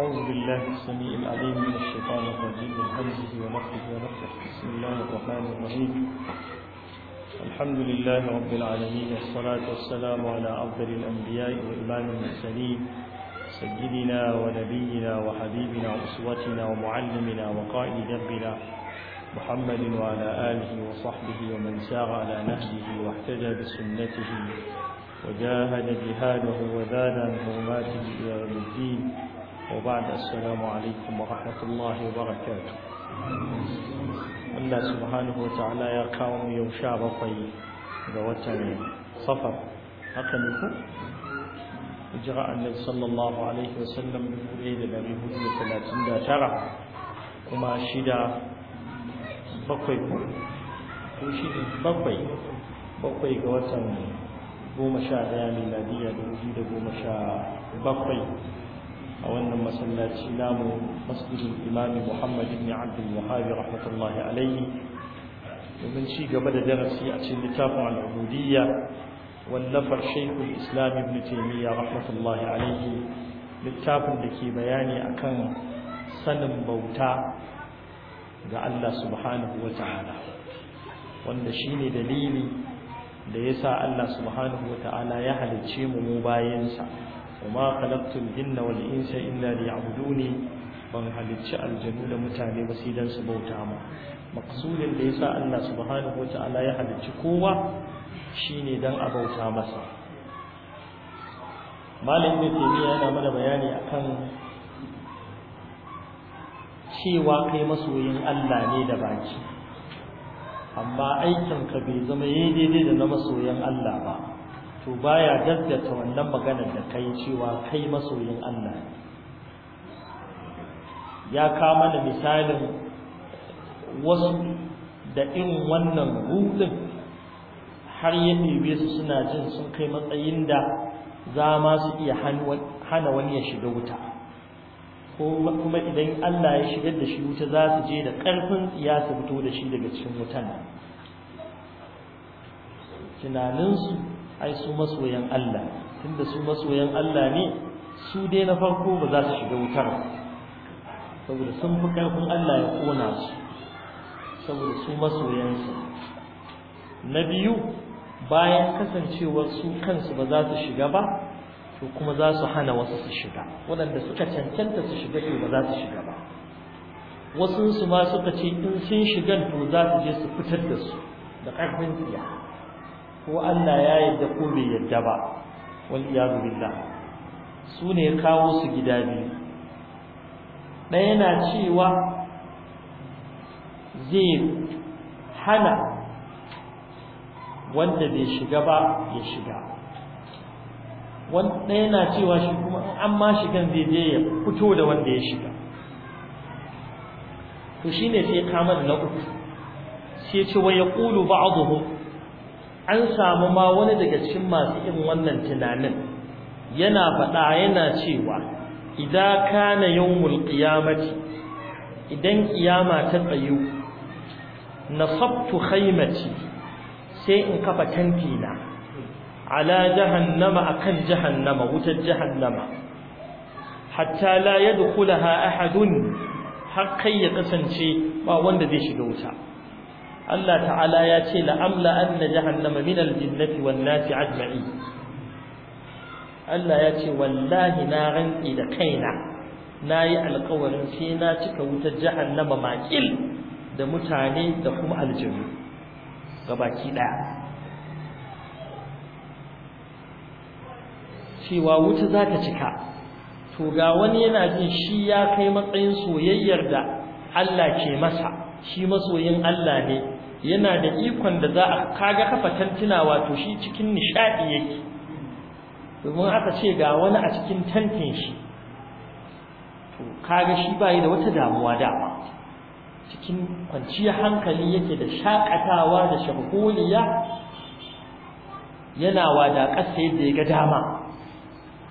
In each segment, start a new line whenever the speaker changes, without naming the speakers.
أعوذ بالله السميع العليم من الشيطان الرجيم الحمد همزه ونفخه بسم الله الرحمن الرحيم الحمد لله رب العالمين والصلاة
والسلام على أفضل الأنبياء وإمام المرسلين سيدنا ونبينا وحبيبنا وأسوتنا ومعلمنا وقائد دربنا محمد
وعلى آله وصحبه ومن سار على نهجه واحتجى بسنته وجاهد جهاده وزاد من حرماته إلى يوم الدين
وبعد السلام عليكم ورحمة الله وبركاته الله سبحانه وتعالى يا قوم يوشع بطي ووتن صفر أقلكم إجراء النبي صلى الله عليه وسلم بفعيل الأبي هدي ثلاثين دا ترى وما شدا بقي
وشيد بقي
بقي ووتن goma sha ɗaya miladiya da wuri da goma sha bakwai a wannan masallaci namu masjidin imami muhammad ibn abdul wahabi rahmatullahi alaihi domin ci gaba da darasi a cikin littafin al'ubudiyya wallafar shaikul islam ibn taimiyya rahmatullahi alaihi littafin da ke bayani akan sanin bauta ga Allah subhanahu wa ta'ala wanda shine dalili da yasa Allah subhanahu wa ta'ala ya halicce mu mu bayansa وما خلقت الجن ya إلا ne ban halicci aljanu da mutane ba sai dan su bauta mu maqsudin da yasa Allah subhanahu wataala ya halicci kowa shine dan a bauta masa malam ibn taymiya yana mana bayani akan cewa kai masoyin Allah ne da baki amma aikin ka bai zama daidai da na masoyan Allah ba to baya daddata wannan maganar da kai cewa kai masoyin Allah ya kama da misalin wasu da irin wannan rudin har ya ɗebe su suna jin sun kai matsayin da za ma su iya hana wani ya shiga wuta Ko kuma idan Allah ya shigar da shi wuta za su je da ƙarfin tsiya su fito da shi daga cikin wutan tunaninsu ai su masoyan Allah tunda su masoyan Allah ne su dai na farko ba za su shiga wutar saboda sun fi karfin Allah ya kona su saboda su masoyan su. na biyu bayan kasancewar su kansu ba za su shiga ba to kuma za su hana wasu su shiga waɗanda suka cancanta su shiga ba za su shiga ba wasu su ma suka ce in sun shigan to za su je su fitar da su da ƙarfin tsiya ko Allah ya yadda ko bai yadda ba wal iyad billah su ne ya kawo su gida biyu ɗaya na cewa zai hana wanda bai shiga ba ya shiga wanda yana cewa shi kuma an ma shigan zai je ya fito da wanda ya shiga to shine sai kama da na uku sai ce wa yaqulu ba'dhum an samu ma wani daga cikin masu irin wannan tunanin yana faɗa yana cewa idan kana yawmul qiyamati idan kiyama ta tsayu nasabtu khaymati sai in kafa na ala jahannama akan jahannama wutar jahannama hatta la yadkhulaha ahadun har kai ya kasance ba wanda zai shiga wuta Allah ta'ala ya ce la'amla anna jahannama min aljinnati wan nasi ajma'i Allah ya ce wallahi na rantsi da kaina nayi alƙawarin sai na cika wutar jahannama maƙil da mutane da kuma aljinnu gabaki daya cewa wuta zaka cika to ga wani yana jin shi ya kai matsayin soyayyar da Allah ke masa shi masoyin Allah ne yana da ikon da za a kaga kafa tantuna wato shi cikin nishadi yake domin aka ce ga wani a cikin tantin shi to kaga shi bai da wata damuwa dama cikin kwanciyar hankali yake da shakatawa da shagoliya yana wada kasa da ya ga dama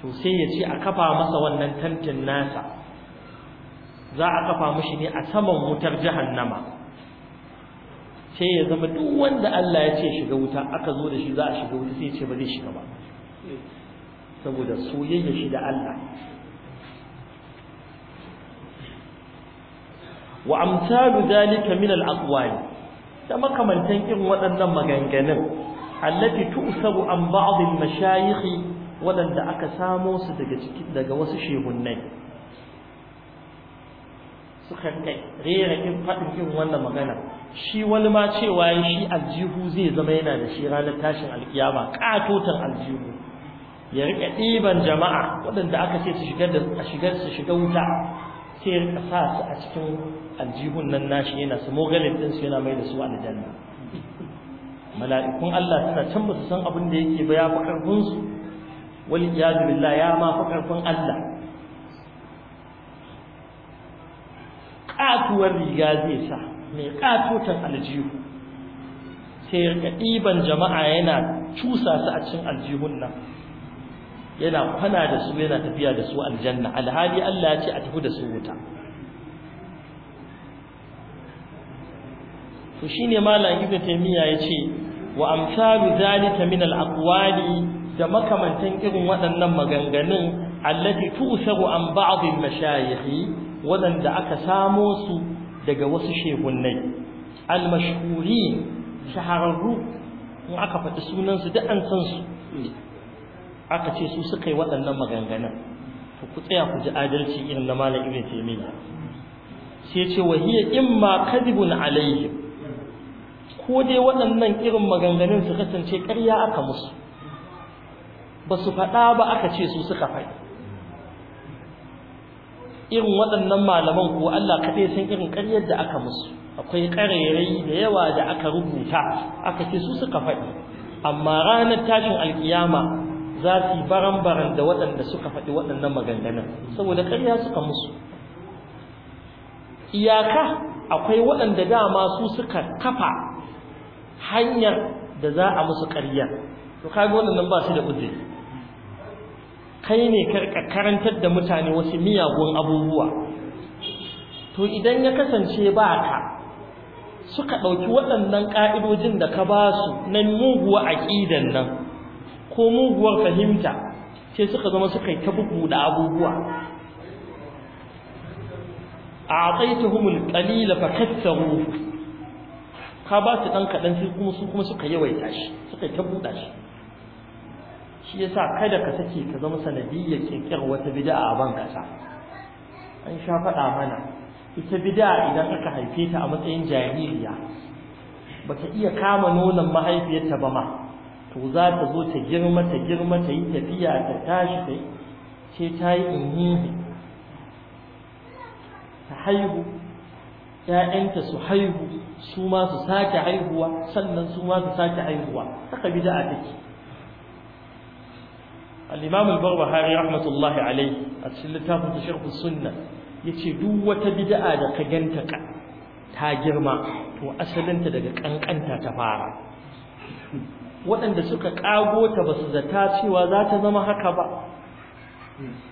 to sai ya ce a kafa masa wannan tantin nasa za a kafa mashi ne a saman wutar jahannama sai ya zama duk wanda Allah ya ce shiga wuta aka zo da shi za a shiga wuta sai ya ce ba zai shiga ba saboda soyayya shi da Allah wa amsalu dalika min al-aqwali da makamantan irin waɗannan maganganun allati tu'sabu an ba'd al-mashayikh wadanda aka samo su daga cikin daga wasu shehunnai suka kai, rera in faɗin irin wannan magana shi wani ma cewa shi aljihu zai zama yana da shi ranar tashin alkiyama katotan aljihu ya rike ɗiban jama'a waɗanda aka ce su shigar da a shigar su shiga wuta sai ya rika sa su a cikin aljihun nan nashi yana su mogalin din su yana mai da su aljanna mala'ikun Allah suna can ba su san abin da yake ba ya fi su wal ya ma fi Allah katuwar riga zai sa mai katotan aljihu sai ga ɗiban jama'a yana cusa su a cikin aljihun nan yana kwana da su yana tafiya da su aljanna alhali Allah ya ce a tafi da su wuta to shine malam ibnu taymiya yace wa amsalu zalika min al-aqwali da makamantan irin waɗannan maganganun allati tusabu an ba'd al-mashayikh waɗanda aka samo su daga wasu shehunnai al-mashhurin shahararru in aka faɗi sunansu duk an san su aka ce su suka yi waɗannan maganganun to ku tsaya ku ji adalci irin na malam ibn taymiya sai ce wa hiya imma kadibun alayhi ko dai waɗannan irin maganganun su kasance ƙarya aka musu ba su faɗa ba aka ce su suka faɗi irin waɗannan malaman ko Allah kaɗai san irin ƙaryar da aka musu akwai ƙarairayi da yawa da aka rubuta aka ce su suka faɗi amma ranar tashin alkiyama za su yi baran-baran da waɗanda suka faɗi waɗannan maganganun saboda ƙarya suka musu iyaka akwai waɗanda dama su suka kafa hanyar da za a musu ƙarya to kaga waɗannan ba su da uzuri kai ne karka karantar da mutane wasu miyagun abubuwa to idan ya kasance ba ka suka ɗauki waɗannan ƙa'idojin da ka ba su na muguwa aƙidan nan ko muguwar fahimta sai suka zama suka yi ta bugu da abubuwa a ataituhumul qalila fakaththaru ka ba su ɗan kaɗan kuma su kuma suka yawaita shi suka yi ta buɗa shi shi yasa kada ka sake ka zama sanadiyyar kirkirar wata bid'a a ban kasa an sha faɗa mana ita bid'a idan aka haife ta a matsayin jaririya bata iya kama nonon mahaifiyarta ba ma to za ta zo ta girma ta girma ta yi tafiya ta tashi ta ce ta yi inhihi ta haihu ‘ya'yanta su haihu su ma su sake haihuwa sannan su ma su sake haihuwa haka bid'a take al-imam al-barbahari rahmatullahi alayhi a cikin littafin sharh sunna yace duk wata bid'a da ka ganta ka ta girma to asalinta daga kankanta ta fara waɗanda suka kago ta basu zata cewa zata zama haka ba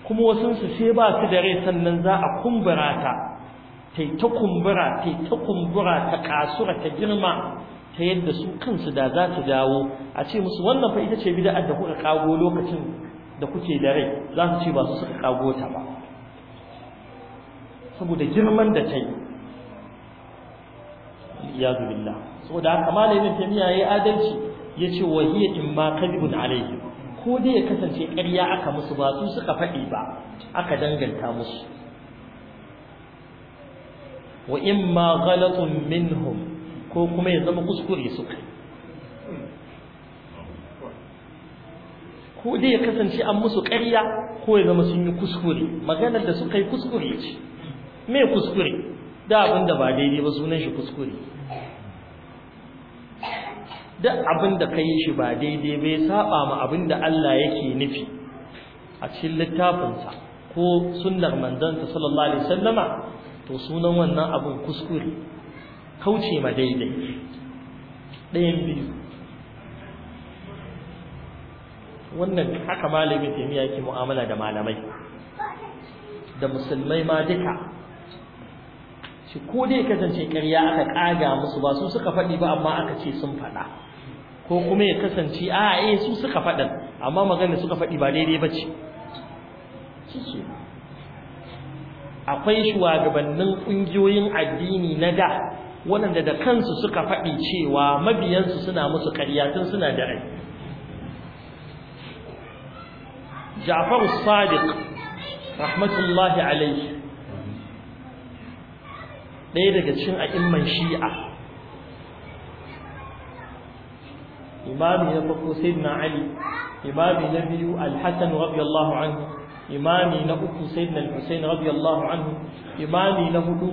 kuma wasansu sai ba su da rai sannan za a kumbura ta ta ta ta kumbura ta kasura ta girma ta yadda su kansu da za ta dawo a ce musu wannan fa ita ce bid'a da kuka kago lokacin da kuke da rai za su ce ba su suka kago ta ba saboda girman da ta yi ya zubilla saboda haka malamin miya ya yi adalci ya ce wa hiya in ma kadibun alaihi ko dai ya kasance ƙarya aka musu ba su suka faɗi ba aka danganta musu wa in ma galatun minhum ko kuma ya zama kuskure suka yi ko dai ya kasance an musu ƙarya ko ya zama sun yi kuskure maganar da suka yi kuskure ce me kuskure da abin da ba daidai ba sunan shi kuskure
da abin da
ka yi shi ba daidai bai saba ma abin da Allah yake nufi a cikin littafinsa ko sunnar manzansa sallallahu alaihi wasallama to sunan wannan abin kuskure kauce ma daidai ɗayan biyu wannan haka malamin taimiyya yake mu'amala da malamai
da musulmai ma duka
shi ko dai kasance ƙarya aka ƙaga musu ba su suka faɗi ba amma aka ce sun faɗa ko kuma ya kasance a eh su suka faɗin amma magana suka faɗi ba daidai ba ce akwai shugabannin ƙungiyoyin addini na da waɗanda da kansu suka faɗi cewa mabiyansu suna musu ƙarya tun suna da rai Ja'far Sadiq rahmatullahi alaihi ɗaya daga cikin a'imman Shi'a imami na farko sayyidina Ali imami na biyu Alhassan hasan radiyallahu anhu imami na uku sayyidina Al-Husayn radiyallahu anhu imami na hudu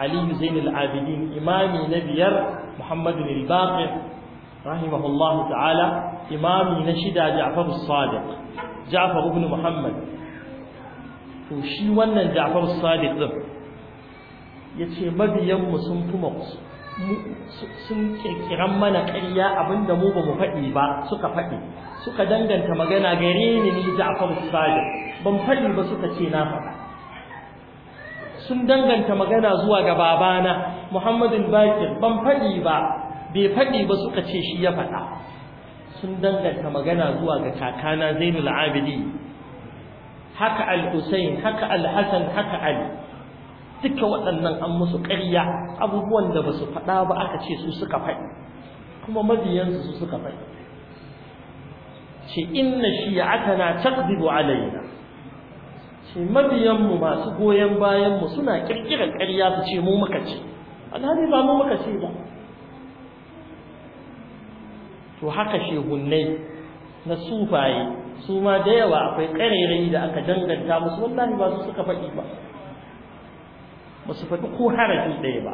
Ali Zainul Abidin imami na biyar Muhammadu al-Baqir rahimahullahu ta'ala imami na shida Ja'far as-Sadiq Ja'far ibn Muhammad to shi wannan Ja'far as-Sadiq din yace mabiyan mu sun kuma sun kirkiran mana ƙarya abinda mu ba mu faɗi ba suka faɗi suka danganta magana gare ni ni Ja'far as-Sadiq ban faɗi ba suka ce na faɗa sun danganta magana zuwa ga babana Muhammadul Bakir ban faɗi ba bai faɗi ba suka ce shi ya faɗa sun danganta magana zuwa ga kakana zainul abidi haka al-husayn haka al-hasan haka ali duka waɗannan an musu ƙarya abubuwan da ba su faɗa ba aka ce su suka faɗi kuma mabiyansu su suka faɗi ce inna shi'atana taqdibu alaina ce mabiyanmu masu goyon bayanmu suna ƙirƙirar ƙarya su ce mu muka ce alhali ba mu muka ce ba to haka shegunnai na sufaye su ma da yawa akwai ƙarairayi da aka danganta musu wallahi ba su suka faɗi ba ba su faɗi ko harafi ɗaya ba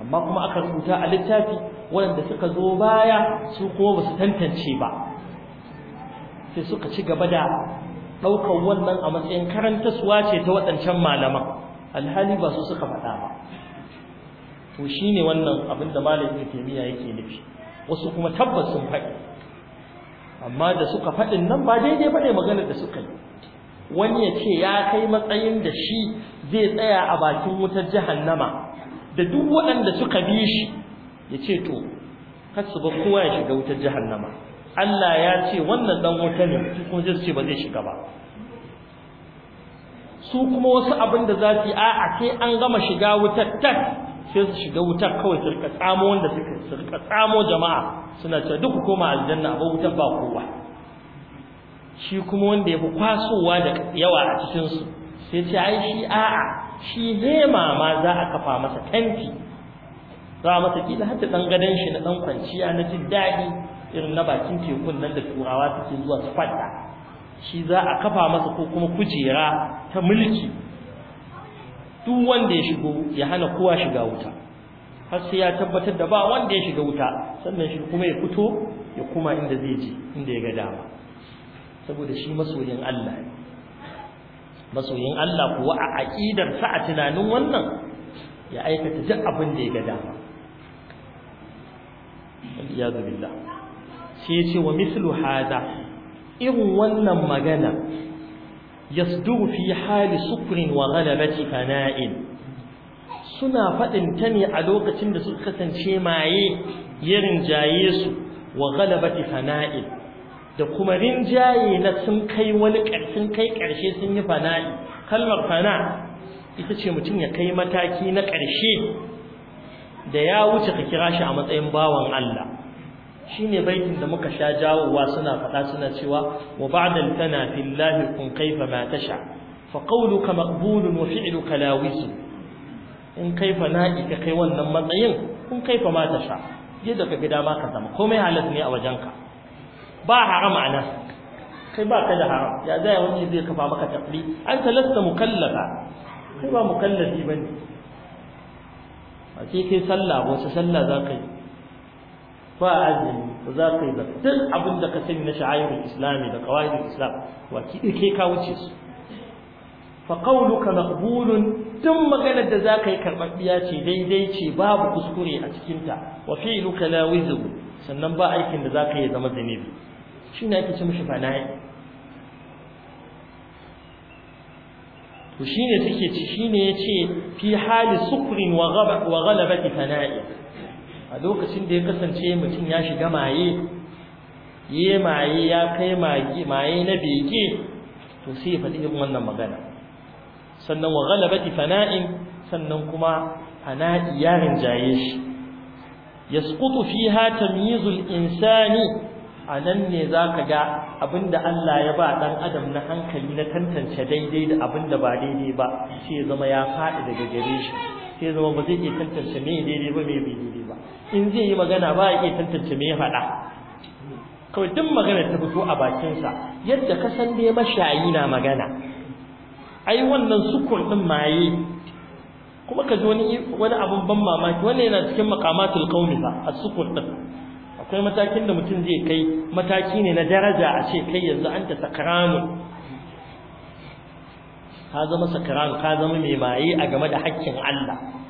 amma kuma aka rubuta a littafi waɗanda suka zo baya su kuma ba su tantance ba sai suka ci gaba da ɗaukar wannan a matsayin karantaswa ce ta waɗancan malaman alhali ba su suka faɗa ba to shine wannan abin da malamin kimiyya yake nufi wasu kuma tabbas sun faɗi amma da suka faɗin nan ba daidai ba ne maganar da suka yi wani ya ce ya kai matsayin da shi zai tsaya a bakin wutar jahannama da duk waɗanda suka bi shi ya ce to kar ba kowa ya shiga wutar jahannama Allah ya ce wannan dan wuta ne su kuma zai ce ba zai shiga ba su kuma wasu abin da za su yi a'a sai an gama shiga wutar tak sai su shiga wutar kawai su rika tsamo wanda su rika tsamo jama'a suna cewa duk koma aljanna ba wutar ba kowa shi kuma wanda ya fi kwasowa da yawa a cikin su sai ce ai shi a'a shi ne ma za a kafa masa tanti za a masa kila hatta dan gadan shi na dan kwanciya na jin daɗi irin na bakin tekun nan da turawa suke zuwa su fada shi za a kafa masa ko kuma kujera ta mulki duk wanda ya shigo ya hana kowa shiga wuta har sai ya tabbatar da ba wanda ya shiga wuta sannan shi kuma ya fito ya kuma inda zai je inda ya ga dama saboda shi masoyin Allah masoyin Allah kuwa a aqidar sa a tunanin wannan ya aikata duk abin da ya ga dama iyadu billah sai ya ce wa mislu hada irin wannan magana yasduru fi hali sukrin wa ghalabati fana'in suna fadin ta ne a lokacin da suka kasance maye ya rinjaye su wa ghalabati fana'in da kuma rinjaye na sun kai wani ƙarfin kai ƙarshe sun yi fana'i kalmar fana ita ce mutum ya kai mataki na ƙarshe da ya wuce ka kira shi a matsayin bawan Allah shine baitin da muka sha jawowa suna faɗa suna cewa wa ba'da al-fana fillahi kun kaifa ma tasha fa qawluka maqbulun wa fi'luka lawis in kaifa na'i ka kai wannan matsayin kun kaifa ma tasha yadda ka ga ma ka zama komai halas ne a wajenka ba haram ana kai ba ka da haram ya zai wani zai kafa maka tafli an talasta mukallafa kai ba mukallafi bane a ce sallah wasu sallah za ka yi ba azumi ko za ka ba duk abin da ka sani na sha'airul islami da qawaidul islam wa ki dake ka wuce su fa qawluka maqbulun tun maganar da za ka yi karɓaɓɓiya ce daidai ce babu kuskure a cikinta wa fi'luka la wizru sannan ba aikin da za ka yi zama zanibi shine ake ce mishi fanaye? to shine take ci shine yace fi hali sukrin wa ghalabat fana'i a lokacin da ya kasance mutum ya shiga maye yi maye ya kai maye na bege to sai ya faɗi irin wannan magana sannan wa ghalabati fana'in sannan kuma fana'i ya rinjaye shi yasqutu fiha tamyizul insani nan ne za ka ga abinda Allah ya ba ɗan adam na hankali na tantance daidai da abinda ba daidai ba sai ya zama ya faɗi daga gare shi sai zama ba zai iya tantance me daidai ba mai bai daidai in zai yi magana ba ya iya tantance me ya faɗa kawai duk magana ta fito a bakinsa yadda ka san dai mashayi na magana ai wannan sukun din maye kuma ka ji wani abun ban mamaki wannan yana cikin maqamatul qaumi fa as-sukun din akwai matakin da mutum zai kai mataki ne na daraja a ce kai yanzu anta sakranu ka zama sakran ka zama mai maye a game da haƙƙin Allah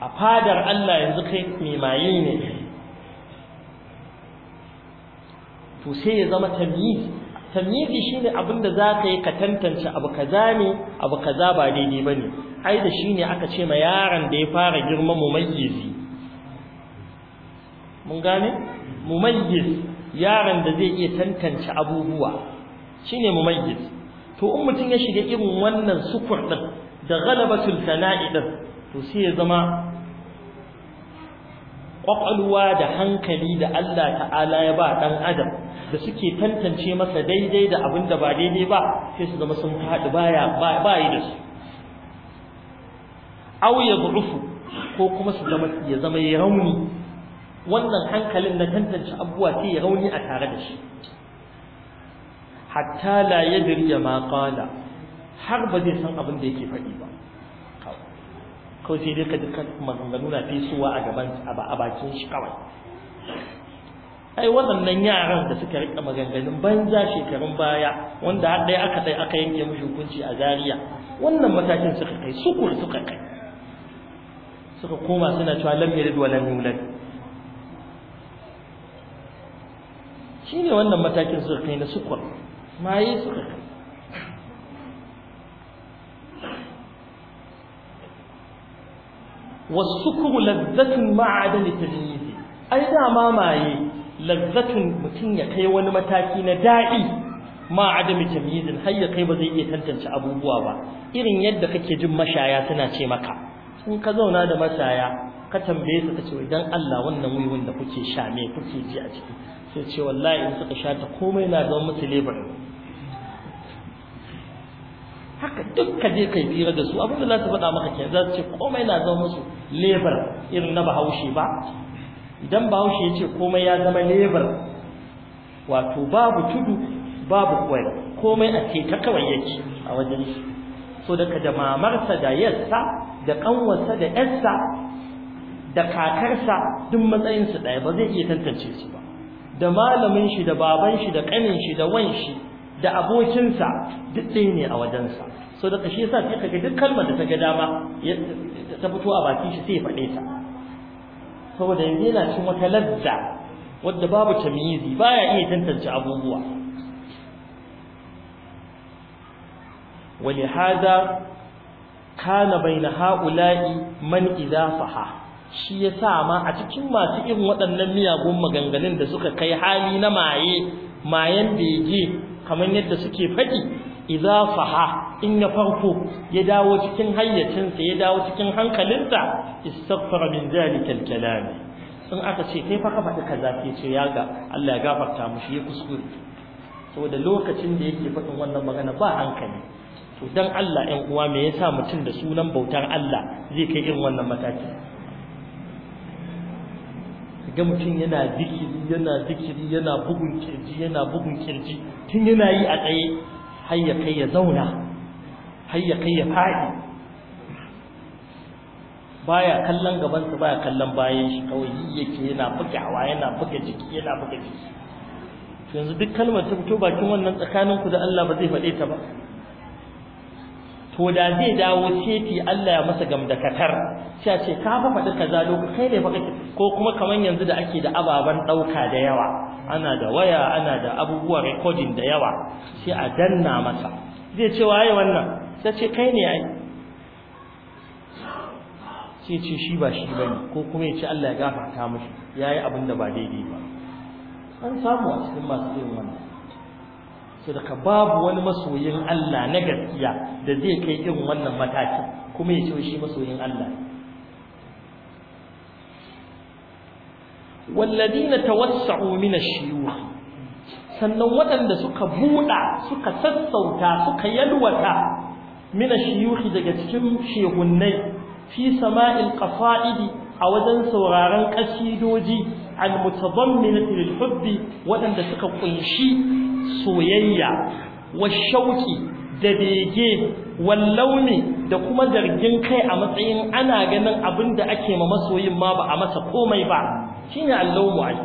a fadar Allah yanzu kai mai ne to sai ya zama tamyiz tamyizi shine abin da za ka yi ka tantance abu kaza ne abu kaza ba daidai ba ne ai da shi ne aka ce ma yaron da ya fara girma mumayyizi mun gane mumayyiz yaron da zai iya tantance abubuwa shine mumayyiz to in mutum ya shiga irin wannan sukur din da galabatul sana'i din to sai ya zama ƙwaƙwalwa da hankali da Allah ta'ala ya ba ɗan adam da suke tantance masa daidai da abin da ba daidai ba sai su zama sun faɗi baya ba yi da su aw ya ko kuma su zama ya zama ya rauni wannan hankalin na tantance abubuwa sai ya rauni a tare da shi hatta la yadri ma qala har ba zai san abin da yake faɗi ba ko sai dai ka ji maganganu na fesuwa a gaban a bakin shi kawai ai waɗannan yaran da suka rika maganganun banza shekarun baya wanda har dai aka dai aka yanke mushi hukunci a Zariya, wannan matakin suka kai sukur suka kai suka koma suna cewa lam yalid wa lam yulad shine wannan matakin suka kai na sukur maye suka kai Wasu lazzatun lazzatin ne ta ai dama maye lazzatun mutum ya kai wani mataki na da'i ma adami har ya kai ba zai iya tantance abubuwa ba irin yadda kake jin mashaya tana ce maka in ka zauna da mashaya ka tambaye su kace idan Allah wannan wuyun da kuke sha me kuke ji a ciki sai ce wallahi in suka sha ta komai na zama musu labor haka duk ka je kai hira da su abin da za faɗa maka ke za su ce komai na zama musu lebar irin na bahaushe ba idan bahaushe ya ce komai ya zama lebar wato babu tudu babu kwai komai a ce ta kawai yake a wajen shi so daga da mamarsa da yarsa da kanwarsa da yarsa da kakarsa duk matsayinsu ɗaya ba zai iya tantance su ba da malamin shi da baban shi da ƙanin shi da wanshi. da abokinsa duk ɗaya ne a wajensa so da ƙashi yasa sai kaga duk kalmar da ta ga dama ta fito a baki shi sai ya faɗe ta saboda yanzu yana cin wata ladda, wadda babu tamizi baya iya tantance abubuwa ولهذا كان بين هؤلاء من إذا shi ya sa ma a cikin masu irin waɗannan miyagun maganganun da suka kai hali na maye mayan bege kamar yadda suke faɗi idza faha in ya farko ya dawo cikin hayyacinsa ya dawo cikin hankalinsa istaghfara min zalika al-kalam in aka ce kai fa ka faɗi kaza ke ce ya ga Allah ya gafarta mushi ya kuskure saboda lokacin da yake faɗin wannan magana ba hankali to dan Allah 'yan uwa me yasa mutum da sunan bautar Allah zai kai irin wannan mataki ga mutum yana zikiri yana zikiri yana bugun kirji yana bugun kirji tun yana yi a tsaye har ya kai ya zauna har ya kai ya faɗi baya kallon gabansa baya kallon bayan shi kawai yi yake yana bugawa yana buga jiki yana buga jiki yanzu duk kalmar ta fito bakin wannan tsakaninku da Allah ba zai faɗe ta ba to da zai dawo ceti Allah ya masa katar sai ce ka fa faɗi kaza lokaci kai ne fa kake ko kuma kaman yanzu da ake da ababen ɗauka da yawa ana da waya ana da abubuwan recording da yawa sai a danna masa zai ce waye wannan sai ce kai ne ai sai ce shi ba shi bane ko kuma ya ce Allah ya gafarta mishi yayi abin da ba daidai ba
an samu a cikin masu yin wannan
sadaka babu wani masoyin Allah na gaskiya da zai kai irin wannan matakin kuma ya ce shi masoyin Allah walladina tawassa'u min ash sannan waɗanda suka buɗa suka sassauta suka yalwata min ash daga cikin shehunnai fi sama'il ƙafa'idi a wajen sauraron kasidoji al-mutadamminati lil-hubbi waɗanda suka kunshi soyayya wa shauki da bege wallauni da kuma zargin kai a matsayin ana ganin abin da ake ma masoyin ma ba a masa komai ba shine allawmu ai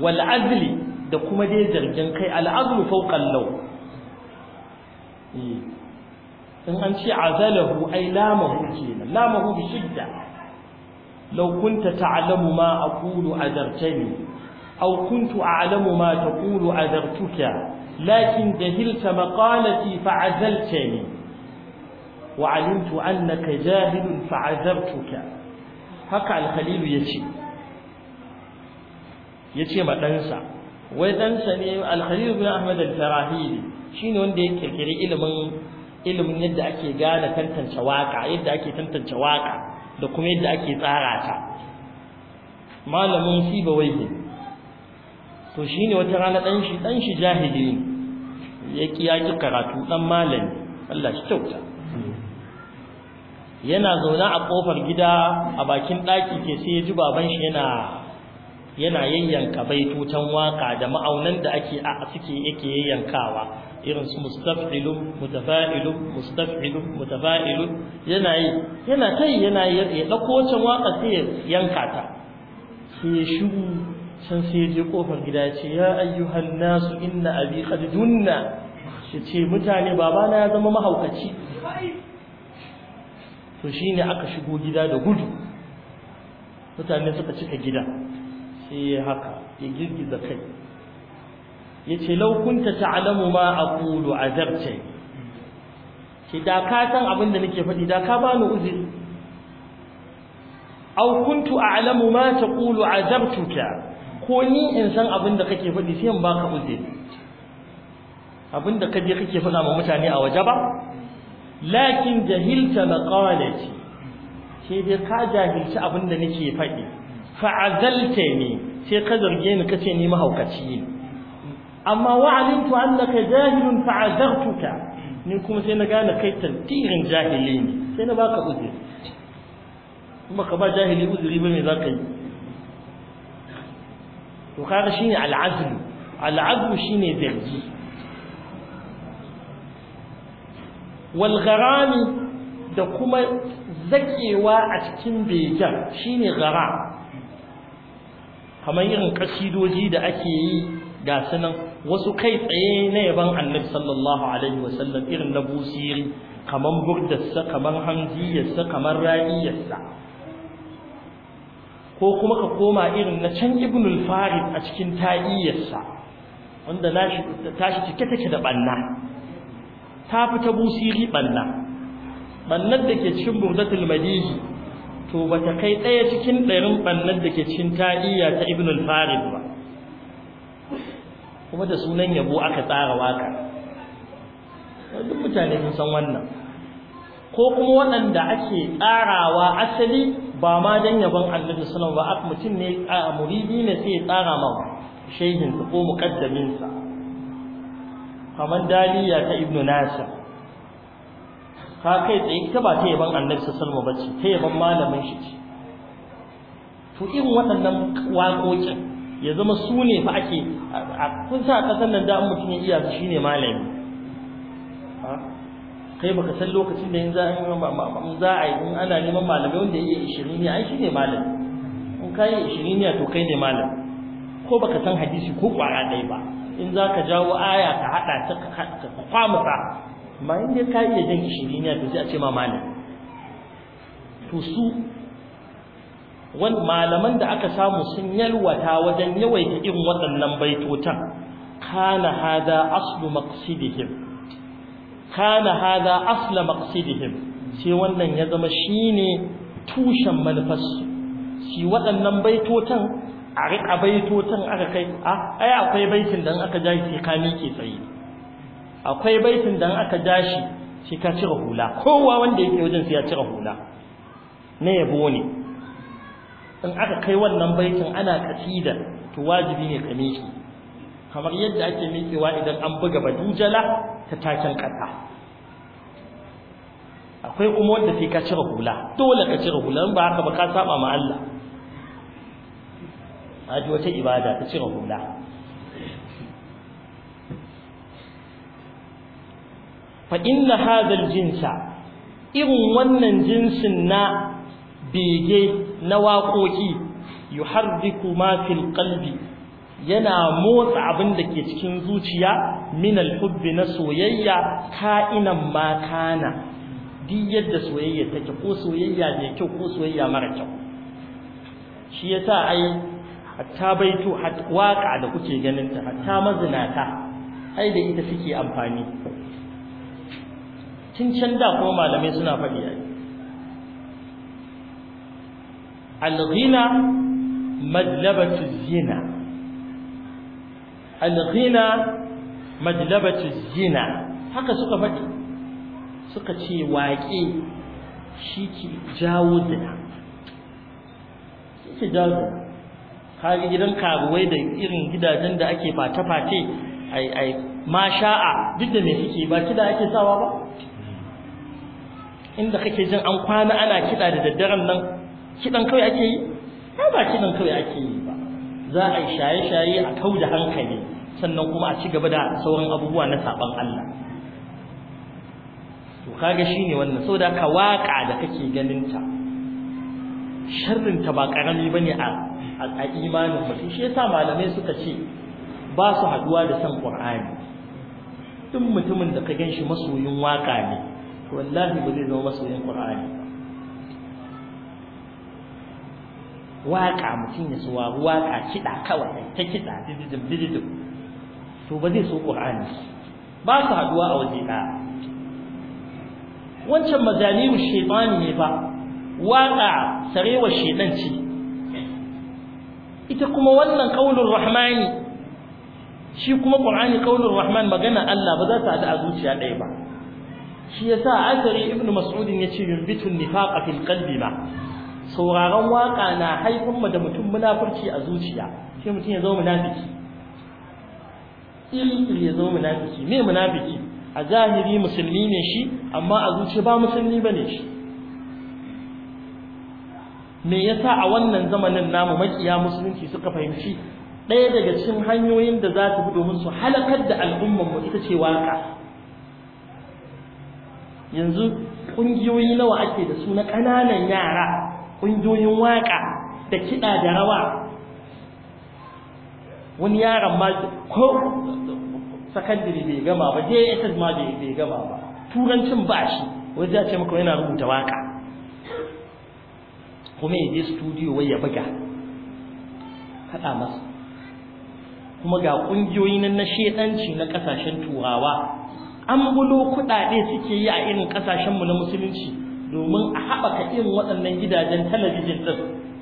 wal azli da kuma dai zargin kai al azlu fawqa law eh. in an ce azalahu ai lamahu kenan lamahu bi shidda law kunta ta'lamu ma aqulu azartani أو كنت أعلم ما تقول عذرتك لكن جهلت مقالتي فعزلتني وعلمت أنك جاهل فعذرتك هكا الخليل يشي يشي ما تنسى ويتنسى الخليل بن أحمد الفراهيدي شنو عندي كركري إلمن ilimin yadda ake gane tantance waka yadda ake tantance waka da kuma yadda ake tsara ta malamin sibawaihi to shine wata rana dan shi dan shi jahili ne ya karatu ɗan malami Allah shi kyauta yana zaune a ƙofar gida a bakin ɗaki ke sai ya ji baban shi yana yana yayyanka baitutan waka da ma'aunan da ake a suke yake yayyankawa irin su mustaf'ilu mutafa'ilu mustaf'ilu mutafa'ilu yana yi yana kai yana yi ya dauko waka sai yanka ta sai shi. can sai ya je kofar gida ya ce ya ayyuhan nasu inna abi qad dunna shi ce mutane babana ya zama mahaukaci to shine aka shigo gida da gudu mutane suka cika gida sai ya haka ya girgiza kai yace law kunta ta'lamu ma aqulu azabtani ce da ka san abin da nake faɗi da ka bani uzuri aw kuntu a'lamu ma taqulu azabtuka ko ni in san abin da kake faɗi sai in baka uzuri abin da kaje kake faɗa ma mutane a waje ba lakin jahilta laqalati sai dai ka jahilci abin da nake faɗi ni sai ka zarge ni kace ni mahaukaci ne amma wa'alintu annaka jahilun azartuka ni kuma sai na gane kai tantirin jahili ne sai na baka uzuri kuma ka ba jahili uzuri ba me zaka yi to kaga shine al'azlu al'azlu shine zargi wal gharami da kuma zakewa a cikin begen shine gara kamar irin kasidoji da ake yi ga sanan wasu kai tsaye na yaban annabi sallallahu alaihi wasallam irin na busiri kamar burdarsa, kamar hamziyarsa kamar ra'iyarsa ko kuma ka koma irin na can ibnul farid a cikin ta'iyarsa wanda nashi tashi cike take da banna ta fi ta busiri banna bannar da ke cikin burdatul Madiji to bata kai ɗaya cikin ɗarin bannar da ke cikin ta'iyya ta ibnul farid ba kuma da sunan yabo aka tsara waka duk mutane sun san wannan ko kuma waɗanda ake tsarawa asali ba ma dan yabon annabi sallallahu alaihi wasallam ba mutum ne a muridi ne sai ya tsara ma shehin su ko mukaddamin sa kamar daliya ta ibnu nasir ka kai tsaye ta ba ta yaban annabi sallallahu alaihi wasallam ba ce ta yaban malamin shi ce to irin waɗannan waƙoƙin ya zama su ne fa ake kun sa ƙasar nan da mutum ya iya shi ne malami kai baka san lokacin da yanzu in za a yi in ana neman malamai wanda yake ishiriniya shi ne malam in ka yi a to kai ne malam ko baka san hadisi ko kwara ɗaya ba in za ka jawo aya ka haɗa ta ka kwamusa amma in dai ka iya jan a to sai a ce ma malam to su wani malaman da aka samu sun yalwata wajen yawaita irin waɗannan baitotan kana hada aslu maqsidihim kana hada asla maqsidihim sai wannan ya zama shine tushen manufarsu shi waɗannan baitotan a riƙa baitotan aka kai a ai akwai baitin da aka ja shi ka ke tsaye akwai baitin da aka ja shi sai ka cire hula kowa wanda yake wajen sai ya cire hula na yabo ne in aka kai wannan baitin ana kasida to wajibi ne ka miƙe kamar yadda ake miƙewa idan an buga badujala ta taken ƙasa akwai kuma wanda sai ka cire hula dole ka cire hula ba haka ba ka saba ma Allah aji wata ibada ta cire hula fa inna hadha jinsa irin wannan jinsin na bege na waƙoƙi yuharriku ma fil qalbi yana motsa abin da ke cikin zuciya min alhubbi na soyayya ka'inan ma kana duk yadda soyayya take ko soyayya mai kyau ko soyayya mara kyau shi yasa ai hatta baito waka da kuke ganin ta hatta mazinata ai da ita suke amfani tun can da kuma malamai suna faɗi ai al-ghina madlabatu zina al-ghina majlabatu zina haka suka faɗi suka ce waƙe shi ki jawo zina Ki ke jawo zina kaga gidan karuwai da irin gidajen da ake fata fate ai ai ma sha'a duk da me suke ba kida ake sawa ba inda kake jin an kwana ana kida da daddaren nan kidan kawai ake yi ba kidan kawai ake yi za a yi shaye-shaye a kau da hankali sannan kuma a ci gaba da sauran abubuwa na saban Allah to kaga shine wannan saboda ka waka da kake ganin ta sharrin ta ba karami bane a a imanin mutum shi yasa malamai suka ce ba su haduwa da san Qur'ani duk mutumin da ka gan shi masoyin waƙa ne wallahi ba zai zama masoyin Qur'ani waka mutum ya suwa waka kiɗa kawai ta kiɗa dididim dididim to ba zai so qur'ani ba su haduwa a waje ɗaya wancan mazalimu shaytani ne ba waka sarewa shaytan ce ita kuma wannan qaulur rahmani shi kuma qur'ani qaulur rahman magana Allah ba za ta hada a zuciya ɗaya ba shi yasa asari ibnu mas'ud yace yunbitu nifaqa fil qalbi ba sauraron waka na haifar mu da mutum munafurci a zuciya sai mutum ya zama munafiki il ya zama munafiki me munafiki a zahiri musulmi ne shi amma a zuciya ba musulmi bane shi me yasa a wannan zamanin namu makiya musulunci suka fahimci ɗaya daga cikin hanyoyin da za su bi domin su halakar da al'ummar mu ita ce waka yanzu ƙungiyoyi nawa ake da su na ƙananan yara ƙungiyoyin waƙa da kiɗa da rawa wani yaron ma ko sakandare bai gama ba jss ma bai gama ba turancin ba shi wani ya ce maka yana rubuta waƙa kuma ya je studio wai ya buga faɗa masa kuma ga ƙungiyoyi nan na shedanci na ƙasashen turawa an bulo kuɗaɗe suke yi a irin ƙasashenmu na musulunci domin a haɓaka irin waɗannan gidajen talabijin ɗin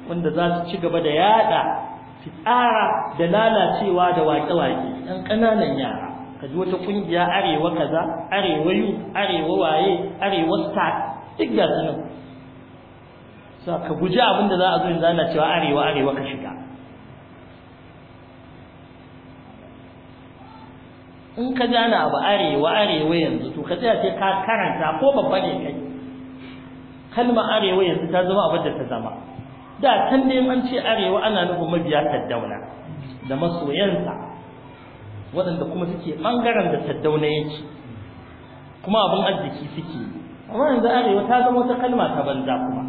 wanda za su ci gaba da yaɗa fitsara da lalacewa da waƙe-waƙe ɗan ƙananan yara ka ji wata ƙungiya arewa kaza arewa yu arewa waye arewa star duk ga su nan ka guji abin da za a zo yanzu ana cewa arewa arewa ka shiga in ka jana abu arewa arewa yanzu to ka tsaya sai ka karanta ko babba ne kai kalma arewa yanzu ta zama abin da ta zama da kan ne an ce arewa ana nufin mabiya taddauna da masoyansa waɗanda kuma suke ɓangaren da taddauna yake kuma abin arziki suke
amma yanzu arewa ta
zama wata kalma ta banza kuma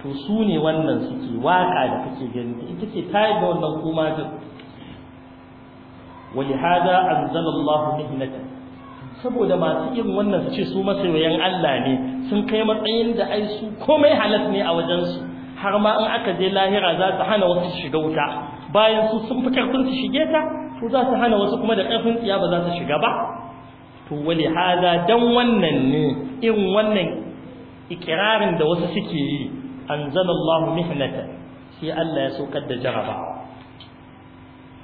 to su ne wannan suke waka da kake gani ita ce yi da wannan kuma ta ولهذا أنزل الله مهنته saboda masu irin wannan su ce su masoyan Allah ne sun kai matsayin da ai su komai halas ne a wajensu har ma in aka je lahira za su hana wasu shiga wuta bayan su sun fi karfin su shige ta to za su hana wasu kuma da karfin tsiya ba za su shiga ba to wali hada dan wannan ne irin wannan ikirarin da wasu suke yi anzalallahu mihnata sai Allah ya saukar da jaraba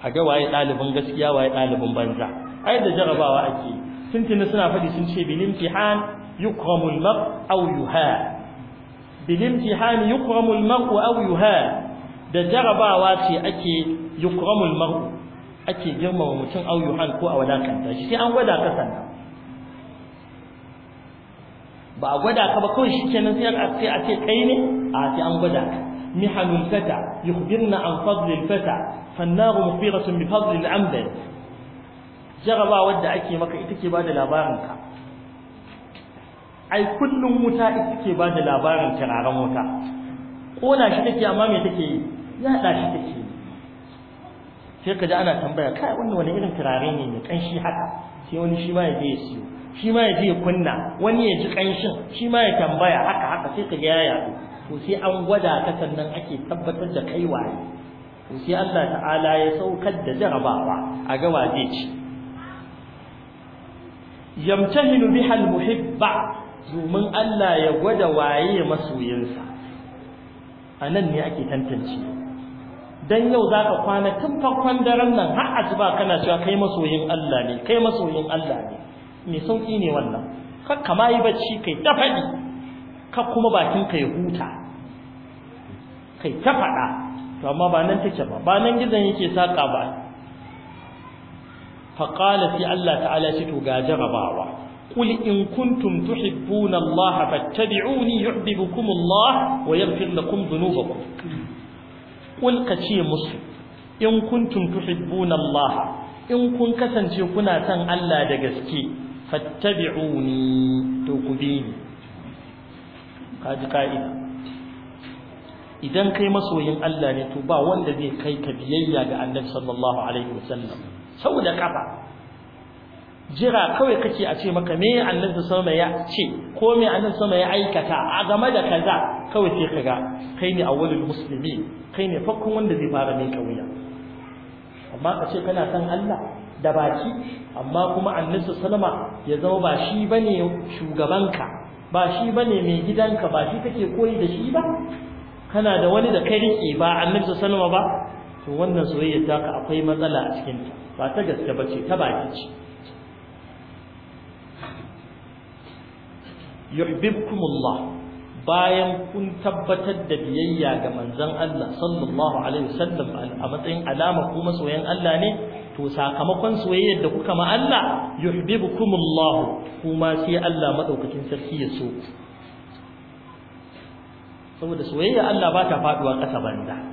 a ga waye ɗalibin gaskiya waye ɗalibin banza ai da jarabawa ake sun tuni suna faɗi sun ce bil imtihan yukramu al mar aw yuha bil imtihan yukramu al mar aw yuha da jarabawa ce ake yukramu al mar ake girmama mutum aw yuhan ko a wadakanta shi sai an gwada ka sannan ba a gwada ka ba kawai shi kenan sai a ce a ce kai ne a sai an gwada ka mihanul fata yukhbirna an fadlil fata fannaru mukhbiratun bi fadlil amdal jaraba wadda ake maka ita ke bada labarin ka ai kullun wuta ita ke bada labarin turaren wuta kona shi take amma me take yi yaɗa shi take yi sai kaje ana tambaya kai wannan wani irin turare ne mai kanshi haka sai wani shi ma ya je ya siyo shi ma ya je kunna wani ya ji kanshin shi ma ya tambaya haka haka sai kaje ya yi to sai an gwada ka sannan ake tabbatar da kai waye sai Allah ta'ala ya saukar da jarabawa a ga wa zai ci yamtahinu biha almuhibba domin Allah ya gwada waye masoyinsa anan ne ake tantance dan yau zaka kwana tun farkon daren nan har asuba kana cewa kai masoyin Allah ne kai masoyin Allah ne me sauki ne wannan Ka kama yi bacci kai ta fadi ka kuma bakin ka huta kai ta fada to amma ba nan take ba ba nan gidan yake saka ba faƙala sai Allah ta'ala ce to ga jarabawa qul in kuntum tuhibbuna Allah fattabi'uni yuhibbukum Allah wa yaghfir lakum dhunubakum qul kace musu in kuntum tuhibbuna Allah in kun kasance kuna son Allah da gaske fattabi'uni to ku bi ni kaji ka'ida idan kai masoyin Allah ne to ba wanda zai kai ka biyayya ga Annabi sallallahu alaihi sau da kafa jira kawai kake a ce maka me annabi sama ya ce ko me annabi sama ya aikata a game da kaza kawai sai kaga kai ne awwalul muslimi kai ne fakkun wanda zai fara mai kauya amma ka ce kana san Allah da baki amma kuma annabi sallama ya zama ba shi bane shugabanka ba shi bane mai gidanka ba shi kake koyi da shi ba kana da wani da kai rike ba annabi sallama ba to wannan soyayya taka akwai matsala a cikin ta ba ta gaske bace ta baki ce yuhibbukumullah bayan kun tabbatar da biyayya ga manzon Allah sallallahu alaihi wasallam a matsayin alama kuma masoyan Allah ne to sakamakon soyayyar da kuka ma Allah yuhibbukumullah kuma sai Allah madaukakin sarki ya so saboda soyayya Allah ba ta faduwa kasa banza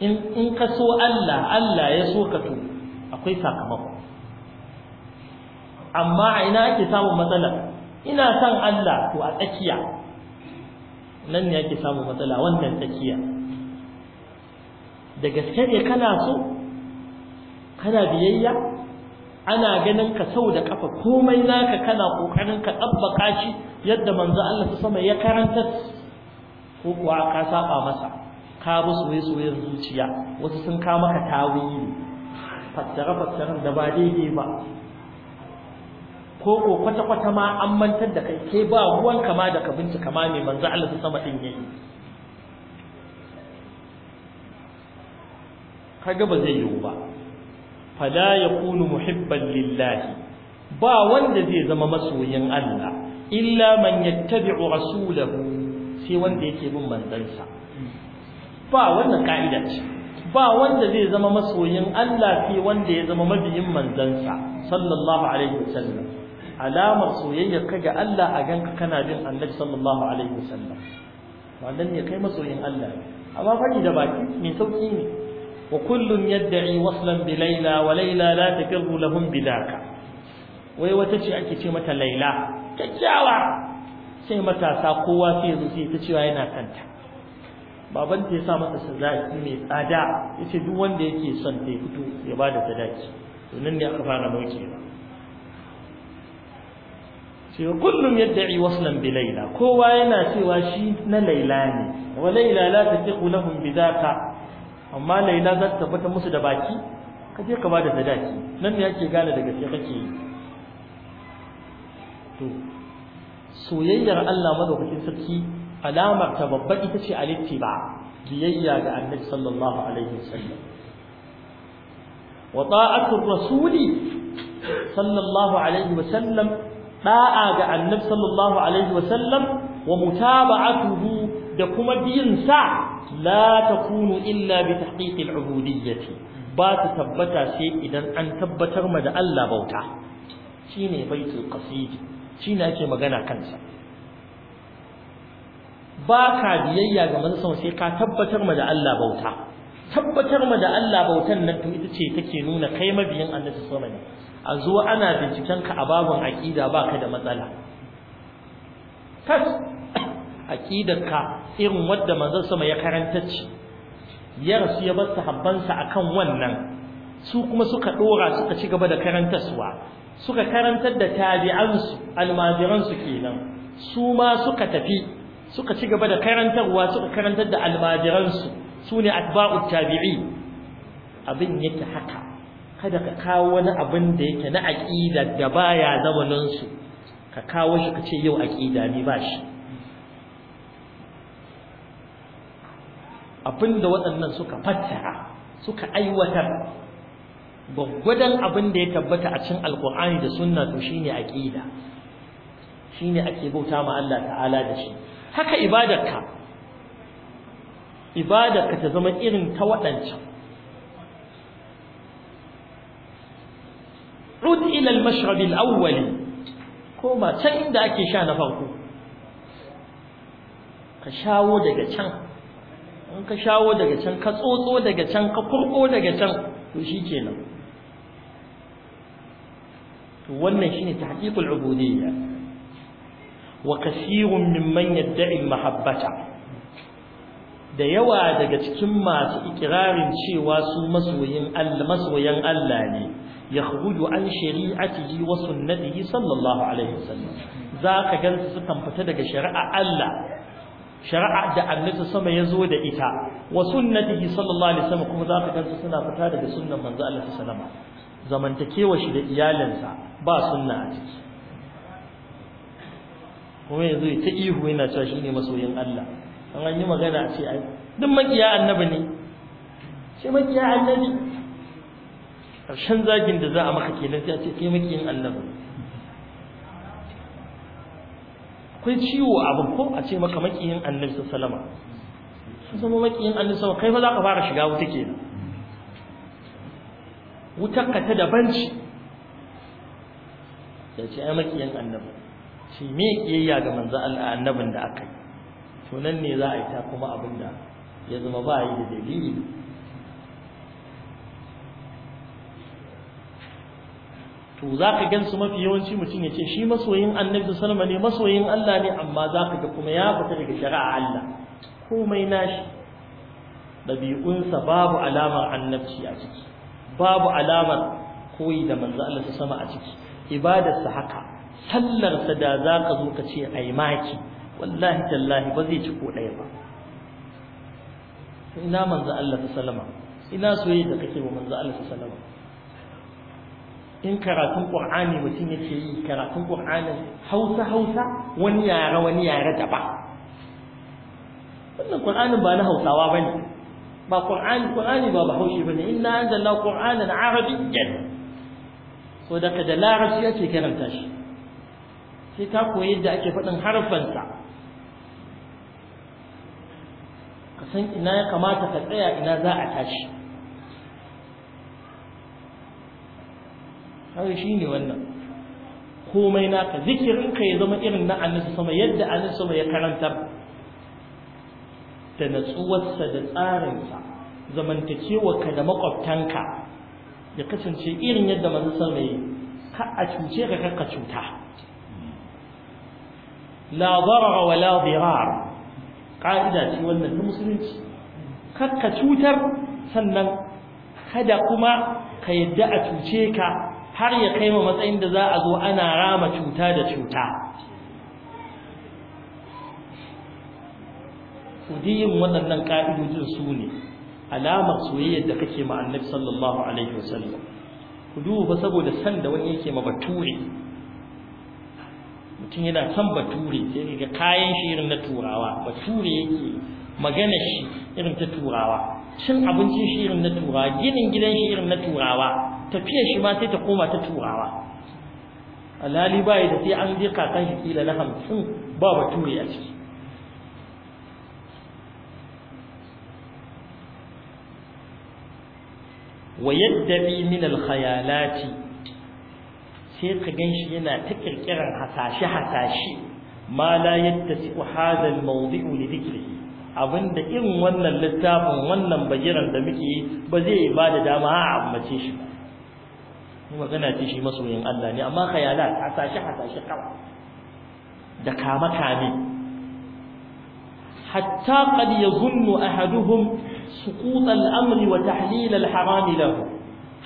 in in ka so Allah Allah ya so ka to akwai sakamako amma a ina ake samun matsala ina son Allah to a tsakiya nan ne ake samun matsala wannan tsakiya da gaske ne kana so kana biyayya ana ganin ka sau da kafa komai naka kana kokarin ka tabbaka shi yadda manzo Allah sama ya karanta ko kuwa ka saba masa ka bi soye-soyen zuciya wasu sun ka maka tawili fassara-fassaran da ba daidai ba ko ko kwata-kwata ma an mantar da kai ke ba ruwan kama da ka bincika ma mai manzo Allah sama din yayi kaga ba zai yiwu ba fala yakunu muhibban lillahi ba wanda zai zama masoyin Allah illa man yattabi'u rasulahu sai wanda yake bin manzansa ba wannan ka'ida ce ba wanda zai zama masoyin Allah fi wanda ya zama mabiyin manzansa sallallahu alaihi wasallam alamar soyayya ka ga Allah a ganka kana bin Annabi sallallahu alaihi wasallam wannan ne kai masoyin Allah amma fani da baki mai sauki ne wa kullun yad'i waslan bi layla wa layla la takirru lahum bidaka wai wata ce ake ce mata layla kyakkyawa
sai matasa
kowa sai zo sai ta cewa yana kanta baban ta ya sa masa sadaki mai tsada yace duk wanda yake son ta fito ya bada sadaki to nan ne aka fara mauke ba sai kullum wasu waslan bi Laila, kowa yana cewa shi na Laila ne wa laila la tatiqu lahum bidaka amma Laila za ta fata musu da baki kaje ka bada sadaki nan ne yake gane daga sai kake to soyayyar Allah madaukakin sarki alamar ta babba ita ce al-ittiba biyayya ga annabi sallallahu alaihi wasallam wa ta'atu rasuli sallallahu alaihi wasallam da'a ga annabi sallallahu alaihi wasallam wa mutaba'atuhu da kuma biyin sa la takunu illa bi tahqiqi al-ubudiyyah ba ta tabbata sai idan an tabbatar ma da Allah bauta shine baitul qasid shine ake magana kansa ba ka biyayya ga manzon sai ka tabbatar ma da Allah bauta tabbatar ma da Allah bautan nan to ita ce take nuna kai mabiyin Annabi sallallahu alaihi wasallam a zuwa ana binciken ka a babun aqida ba ka da matsala kas aqidar ka irin wadda manzon sama ya karantacce ya rasu ya bar sahabbansa akan wannan su kuma suka dora suka ci gaba da karantarsuwa suka karantar da tabi'ansu almajiransu kenan su ma suka tafi suka ci gaba da karantarwa suka karantar da almajiransu su ne atba'ut tabi'i abin yake haka kada ka kawo wani abin da yake na aƙida da baya zamaninsu ka kawo shi ka ce yau aƙida ne ba shi abin da waɗannan suka fassara suka aiwatar gwaggwadon abin da ya tabbata a cin alkur'ani da sunna to shine aƙida shine ake bauta ma Allah ta'ala da shi haka ibadarka ibadarka ta zama irin ta waɗancan rud ila al-mashrab koma can inda ake sha na farko ka shawo daga can in ka shawo daga can ka tsotso daga can ka kurko daga can to shikenan to wannan shine tahqiqul ubudiyya wa kasirun mimman yadda'i mahabbata da yawa daga cikin masu ikirarin cewa su masoyin Allah masoyan Allah ne yakhruju an shari'atihi wa sunnatihi sallallahu alaihi wasallam zaka gansu sukan fita daga shari'a Allah shari'a da annabi sama ya zo da ita wa sunnatihi sallallahu alaihi wasallam kuma zaka gansu suna fita daga sunnan manzo Allah sallallahu alaihi wasallam zamantakewa shi da iyalansa ba sunna a ciki kuma yanzu ya ta ihu yana cewa shi ne masoyin Allah an an yi magana ce ai duk makiya annabi ne ce makiya annabi ƙarshen zagin da za a maka kenan sai a ce kai makiyin annabi akwai ciwo abin ko a ce maka makiyin annabi sallama sun zama makiyin annabi sallama kai fa za ka fara shiga wuta kenan
wutar ka ta daban ce
ya ce ai makiyin annabi shi me kiyayya ga manzo Allah annabin da aka yi to nan ne za a yi ta kuma abin da ya zama ba yi da dalili to za ka gansu mafi yawanci mutum ya ce shi masoyin annabi salama ne masoyin Allah ne amma za ka ga kuma ya fita daga shari'a Allah komai nashi ɗabi'unsa babu alamar annabci a ciki babu alamar koyi da manzo Allah sama a ciki ibadarsa haka sallarsa da za ka zo ka ce a yi maki wallahi tallahi ba zai ci ko ɗaya ba ina manzo Allah sallama ina soyayya da kake wa manzo Allah sallama in karatun qur'ani mutum yake yi karatun qur'ani hausa hausa wani yara wani yara daba wannan qur'anin ba na hausawa bane ba qur'ani qur'ani ba bahaushe bane inna anzalna qur'anan arabiyyan so da ka da larabci ake karanta shi sai ta koyi yadda ake faɗin harfansa ka san ina ya kamata ka tsaya ina za a tashi kawai shi ne wannan komai naka zikirinka ya zama irin na annabi sama yadda annabi sama ya karanta, da natsuwarsa da tsarinsa ka da makwabtanka ya kasance irin yadda manzo sama yi ka a cuce ka ka cuta la darara wa la dirar ka'ida ce wannan ta musulunci kakka cutar sannan kada kuma ka yadda a cuce ka har ya kai ma matsayin da za a zo ana rama cuta da cuta kudiyin waɗannan ƙa'idojin su ne alamar soyayyar da kake ma annabi sallallahu alaihi wasallam ku duba saboda san da wani yake ma bature mutum yana son bature sai ga kayan shi irin na turawa bature yake magana shi irin ta turawa cin abincin shi irin na turawa ginin gidan shi irin na turawa tafiyar shi ma sai ta koma ta turawa alali bai da sai an je kakan shi kila na hamsin ba bature a ciki ويدعي من الخيالات sai ka ganshi yana ta kirkiran hasashe hasashe ma la yattasi'u hadha al-mawdi'u li dhikrihi abinda irin wannan littafin wannan bajiran da muke ba zai ba da dama a ammace shi ba ni magana ce shi masoyin Allah ne amma khayalat hasashe hasashe kawa. da kama kame hatta qad yazunnu ahaduhum suqut al-amri wa tahlil al-haram lahu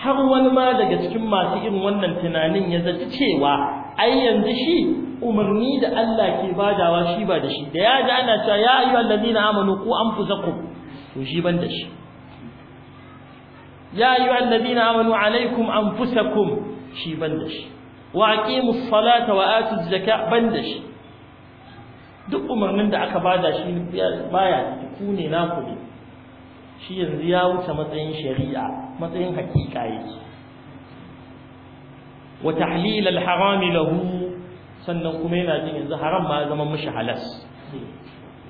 har wani ma daga cikin masu irin wannan tunanin ya zaci cewa ai yanzu shi umarni da Allah ke badawa shi ba da shi da ya ji ana cewa ya ayyuhal ladina amanu ku anfusakum to shi ban da shi ya ayyuhal ladina amanu alaikum anfusakum shi ban da shi wa aqimus salata wa atuz zakat ban da shi duk umarnin da aka bada shi baya ku ne naku ne shi yanzu ya wuce matsayin shari'a matsayin hakika yake wa tahlil al-haram lahu sannan kuma yana jin yanzu haram ma zama mishi halas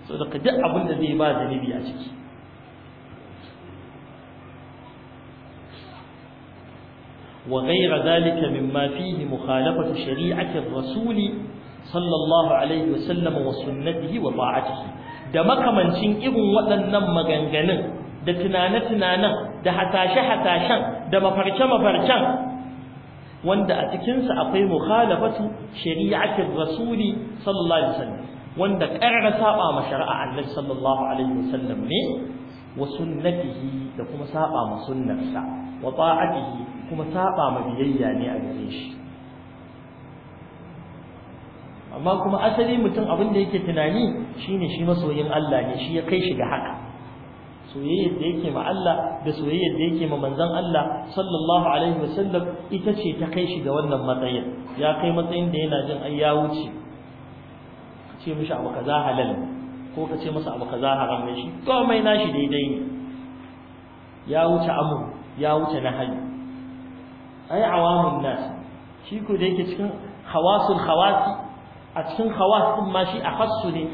saboda duk abin da zai ba nabi a ciki وغير ذلك مما فيه مخالفة Sallallahu الرسول wa الله wa وسلم wa وطاعته da makamancin irin waɗannan maganganun da tunane-tunanen da hasashe hatashen da mafarce-mafarcen wanda a cikinsa akwai mukhalafatu shari'atir rasuli sallallahu alaihi wasallam wanda karara saba ma shari'a Allah sallallahu alaihi wasallam ne wa sunnatihi da kuma saba ma sunnarsa wa ta'atihi kuma saba ma biyayya ne a gare shi amma kuma asali mutum abin da yake tunani shine shi masoyin Allah ne shi ya kai shi ga haka soyayyar da yake ma Allah da soyayyar da yake ma manzon Allah sallallahu alaihi wasallam ita ce ta kai shi ga wannan matsayin ya kai matsayin da yana jin ai ya wuce Ka ce mishi abu kaza halal ko ka ce masa abu kaza haram ne shi komai nashi daidai ne ya wuce amur ya wuce nahayi ai awamun nas shi ko da yake cikin khawasul khawasi a cikin khawas ma shi a hassu ne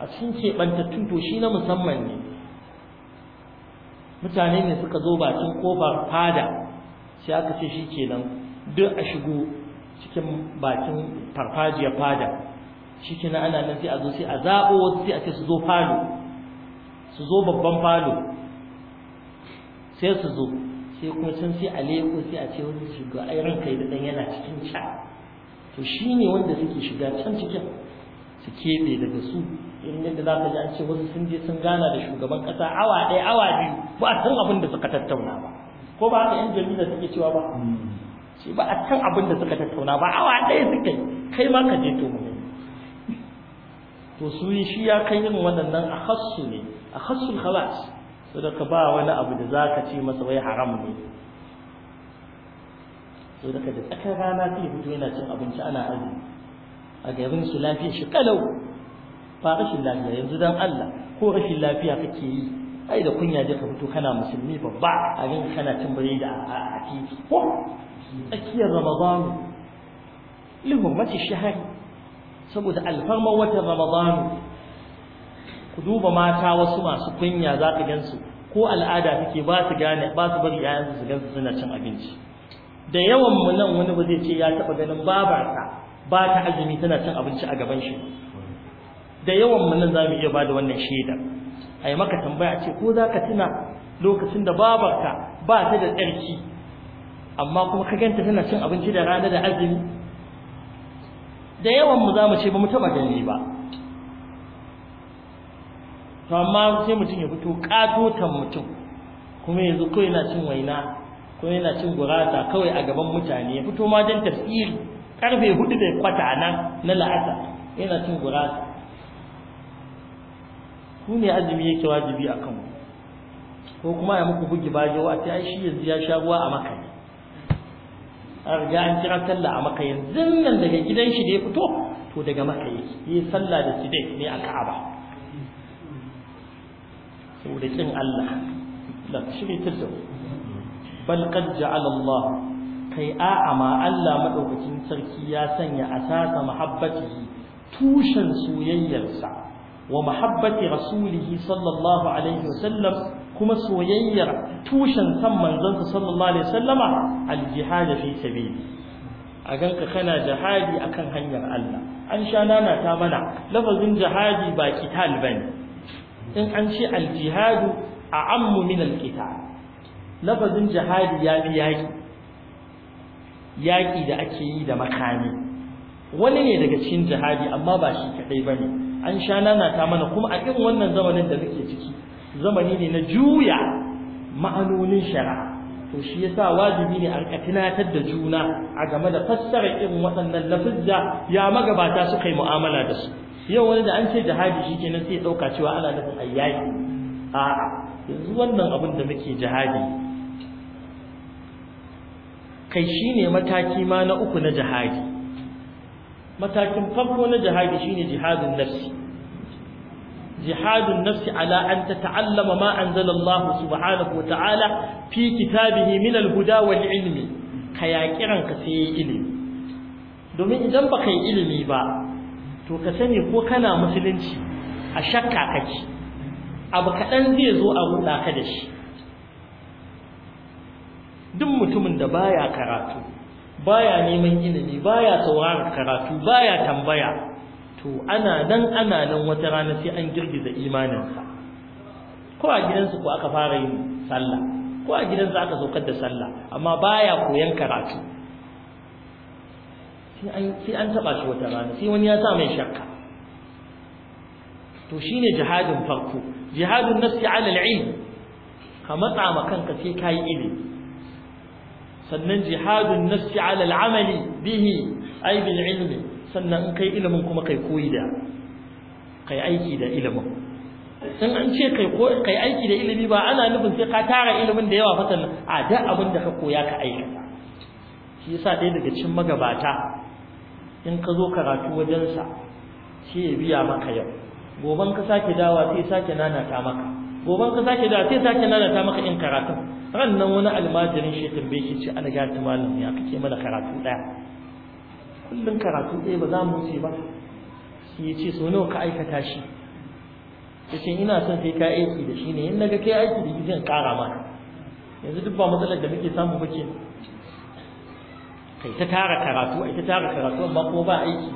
a cikin keɓantattun to shi na musamman ne mutane ne suka zo bakin kofar fada sai aka ce shi kenan duk a shigo cikin bakin farfajiyar fada shi kenan ana nan sai a zo sai a zaɓo wasu sai a ce su zo falo su zo babban falo sai su zo sai kuma can sai a leko sai a ce wani shiga ai ranka yi da yana cikin ca to shi ne wanda suke shiga can cikin su keɓe daga su in yadda za ka ji an ce wasu sun je sun gana da shugaban kasa awa ɗaya awa biyu ba a san abin da suka tattauna ba ko ba haka yan jarida suke cewa ba shi ba a san abin da suka tattauna ba awa ɗaya suke, kai ma ka je to mu to su yi shi ya kai yin waɗannan a hassu ne a hassul khalas da ka ba wani abu da za ka ce masa wai haram ne da ka da tsakar rana sai fito yana cin abinci ana azumi a garin su lafiyar shi kalau fa rashin lafiya yanzu dan Allah ko rashin lafiya kake yi ai da kunya je ka fito kana musulmi babba a rin kana cin da a titi ko tsakiyar ramadan lihurmati shahari saboda alfarma watan ramadan ku duba mata wasu masu kunya za ka gansu ko al'ada take ba su gane ba su bari yayan su gansu suna cin abinci da yawan mu nan wani ba zai ce ya taba ganin babarsa ba ta azumi tana cin abinci a gaban shi da yawan mu za mu iya ba da wannan shaidar a yi maka tambaya ce ko za ka tuna lokacin da babarka ba ta da tsarki amma kuma ka ganta tana cin abinci da rana da azumi da yawan mu za mu ce ba mu taɓa gani ba to amma sai mutum ya fito katotan mutum kuma yanzu ko yana cin waina ko yana cin gurata kawai a gaban mutane ya fito ma don tafsiri karfe hudu da kwata nan na la'asa yana cin gurata ku ne azumi yake wajibi a kanku ko kuma ya muku bugi bajo a ta shi yanzu ya sha ruwa a maka ne a riga an kira sallah a maka yanzu nan daga gidan shi da ya fito to daga maka yake yi sallah da dai ne a ka'aba saboda kin Allah shi ne tilda bal qad ja'ala Allah kai a amma Allah madaukakin sarki ya sanya asasa mahabbati tushen soyayyarsa wa mahabbati rasulihi sallallahu alaihi wasallam kuma soyayyar tushen kan manzansa sallallahu alaihi wasallama al-jihad fi sabili a ganka kana jihadi akan hanyar Allah an sha nanata mana lafazin jihadi ba kital bane in an ce al a a'ammu min al-qital lafazin jihadi ya yaƙi da ake yi da makami wani ne daga cikin jihadi amma ba shi kadai bane an sha nanata mana kuma a irin wannan zamanin da muke ciki zamani ne na juya ma'anonin shari'a to shi yasa wajibi ne a tunatar da juna a game da fassara irin waɗannan lafizza ya magabata su kai mu'amala da su yau wani da an ce jihadi shi kenan sai ɗauka cewa ana nufin ayyaki a'a yanzu wannan abin da muke jihadi kai shine mataki ma na uku na jihadi matakin farko na jihadi shine jihadun nafsi jihadun nafsi ala an tata'allama ma anzala subhanahu wata'ala fi kitabihi min al-huda wal ilmi ka yaki ranka sai ilimi domin idan baka yi ilimi ba to ka sani ko kana musulunci a shakka kake abu kaɗan zai zo a ruɗa ka da shi duk mutumin da baya karatu baya neman ilimi baya sauraron karatu baya tambaya to ana nan ana nan wata rana sai an girgiza imaninsa ko a gidansu ko aka fara yin sallah ko a gidansu aka saukar da sallah amma baya koyan karatu sai an taɓa shi wata rana sai wani ya sa mai shakka to shine jihadin farko Jihadin nafsi ala al-ilm ka matsa ma kanka sai kai ilimi sannan jihadun nafsi ala al'amali bihi ay bil ilmi sannan in kai ilimin kuma kai koyi da kai aiki da ilimin in an ce kai kai aiki da ilimi ba ana nufin sai ka tara ilimin da yawa fatan a da abin da ka koya ka aika shi yasa dai daga cikin magabata in ka zo karatu wajensa shi ya biya maka yau goban ka sake dawa sai sake nanata maka goban ka sake da sai sake lalata maka in karatu rannan wani almajirin shi tambaye shi ce ana gata malam ya kake mana karatu daya kullum karatu ɗaya ba za mu ce ba shi ya so nawa ka aikata shi ya ina son kai ka aiki da shi ne in naga kai aiki da shi zan kara ma yanzu duk ba matsalar da muke samu ba ke kai ta tara karatu ai ta tara karatu amma kuma ba aiki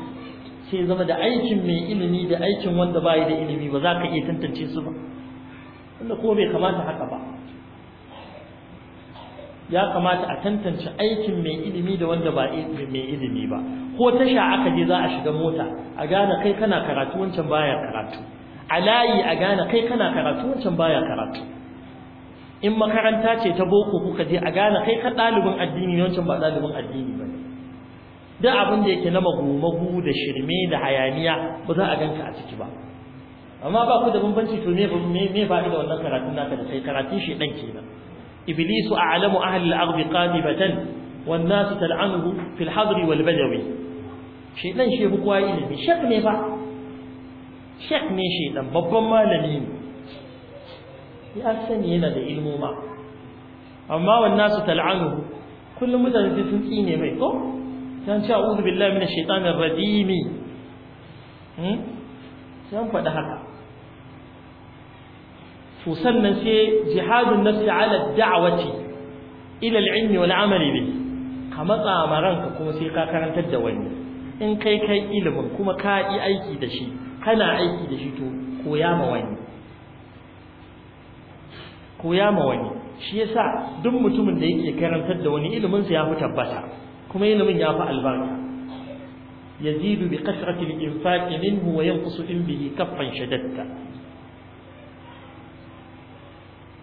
sai zama da aikin mai ilimi da aikin wanda ba da ilimi ba za ka iya tantance su ba wanda ko bai kamata haka ba ya kamata a tantance aikin mai ilimi da wanda ba mai ilimi ba ko tasha aka je za a shiga mota a gane kai kana karatu wancan baya karatu a layi a gane kai kana karatu wancan baya karatu in makaranta ce ta boko kuka je a gane kai ka ɗalibin addini wancan ba ɗalibin addini ba duk abin da yake na magu-magu da shirme da hayaniya ba za a ganka a ciki ba amma ba ku da bambanci to me me faɗi da wannan karatun naka da sai karatun shi dan kenan iblisu a'lamu ahli al-ardi qadibatan wan nasu tal'anuhu fil hadri wal badawi shi dan shi hukuwa ilimi shek ne ba shek ne shi dan babban malami ne ya sani yana da ilmu ma amma wan nasu tal'anuhu kullum mutane sun tsine mai ko dan ce a'udhu billahi minash shaitanir rajim hmm? sun faɗi haka to sannan sai jihadun nafsi ala da'wati ila al-ilmi wal amali bi ka matsa ma kuma sai ka karantar da wani in kai kai ilimin kuma ka yi aiki da shi kana aiki da shi to koya ma wani koya ma wani shi yasa duk mutumin da yake karantar da wani ilimin sa fi tabbata kuma ilimin yafi albarka yazidu bi kasrati al-infaqi minhu wa yanqusu in bihi kaffan shadatta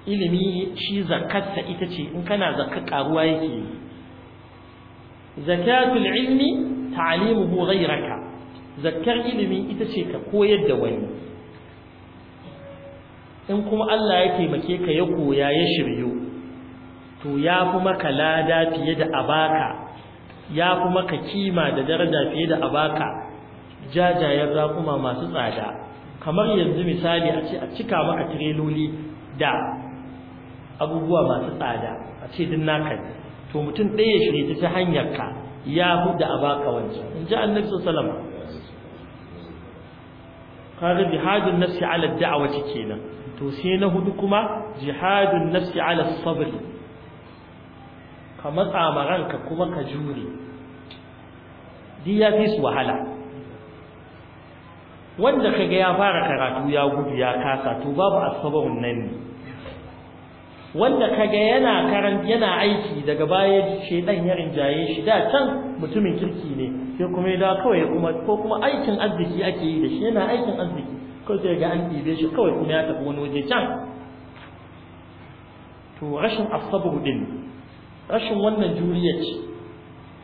ilimi shi zakarsa ita ce in kana zakka karuwa yake yi zakatul ilmi ta'limuhu ghayraka zakkar ilimi ita ce ka koyar da wani in kuma Allah ya taimake ka ya koya ya shiryo, to ya fi maka lada fiye da abaka ya fi maka kima da daraja fiye da abaka jajayen rakuma masu tsada kamar yanzu misali a ce a cika maka tireloli da abubuwa masu tsada a ce din naka to mutum ɗaya shirye ta ta hanyar ka ya huda a baka wancan in ji annabi sallallahu alaihi kaga jihadun nafsi ala da'awati kenan to sai na hudu kuma jihadun nafsi ala sabr ka matsa maranka kuma ka jure di ya fi su wahala wanda kaga ya fara karatu ya gudu ya kasa to babu asabar nan ne wanda kaga yana karan yana aiki daga baya shedan ya rinjaye shi da can mutumin kirki ne sai kuma da kawai kuma ko kuma aikin arziki ake yi da shi yana aikin arziki ko sai ga an dibe shi kawai kuma ya tafi wani waje can to rashin asabu din rashin wannan juriya ce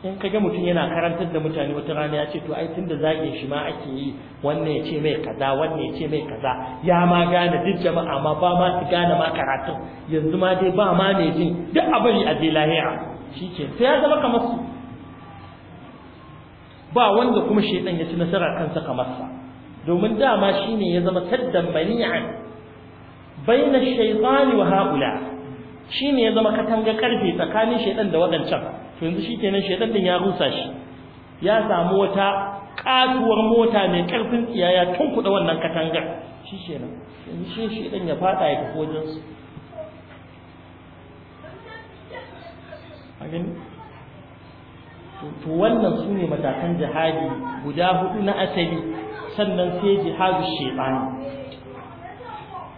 in kaga mutum yana karantar da mutane wata rana ya ce to ai tunda zage shi ma ake yi wannan ya ce mai kaza wannan ya ce mai kaza ya ma gane duk jama'a ma ba ma su gane ma karatu yanzu ma dai ba ma ne din duk abin a je lahira shike sai ya zama kamar su ba wanda kuma shedan ya ci nasara kansa kamar sa domin dama shine ya zama saddan mani'an baina shaytani wa haula shine ya zama katanga karfe tsakanin shedan da wadancan to yanzu shikenan shedan din ya rusa shi ya samu wata kasuwar mota mai karfin tsiyaya tun kuɗa wannan katangar shi yanzu shi shedan ya fada ya tafi wajen
su to wannan su ne matakan jihadi guda
hudu na asali sannan sai jihadu shaitani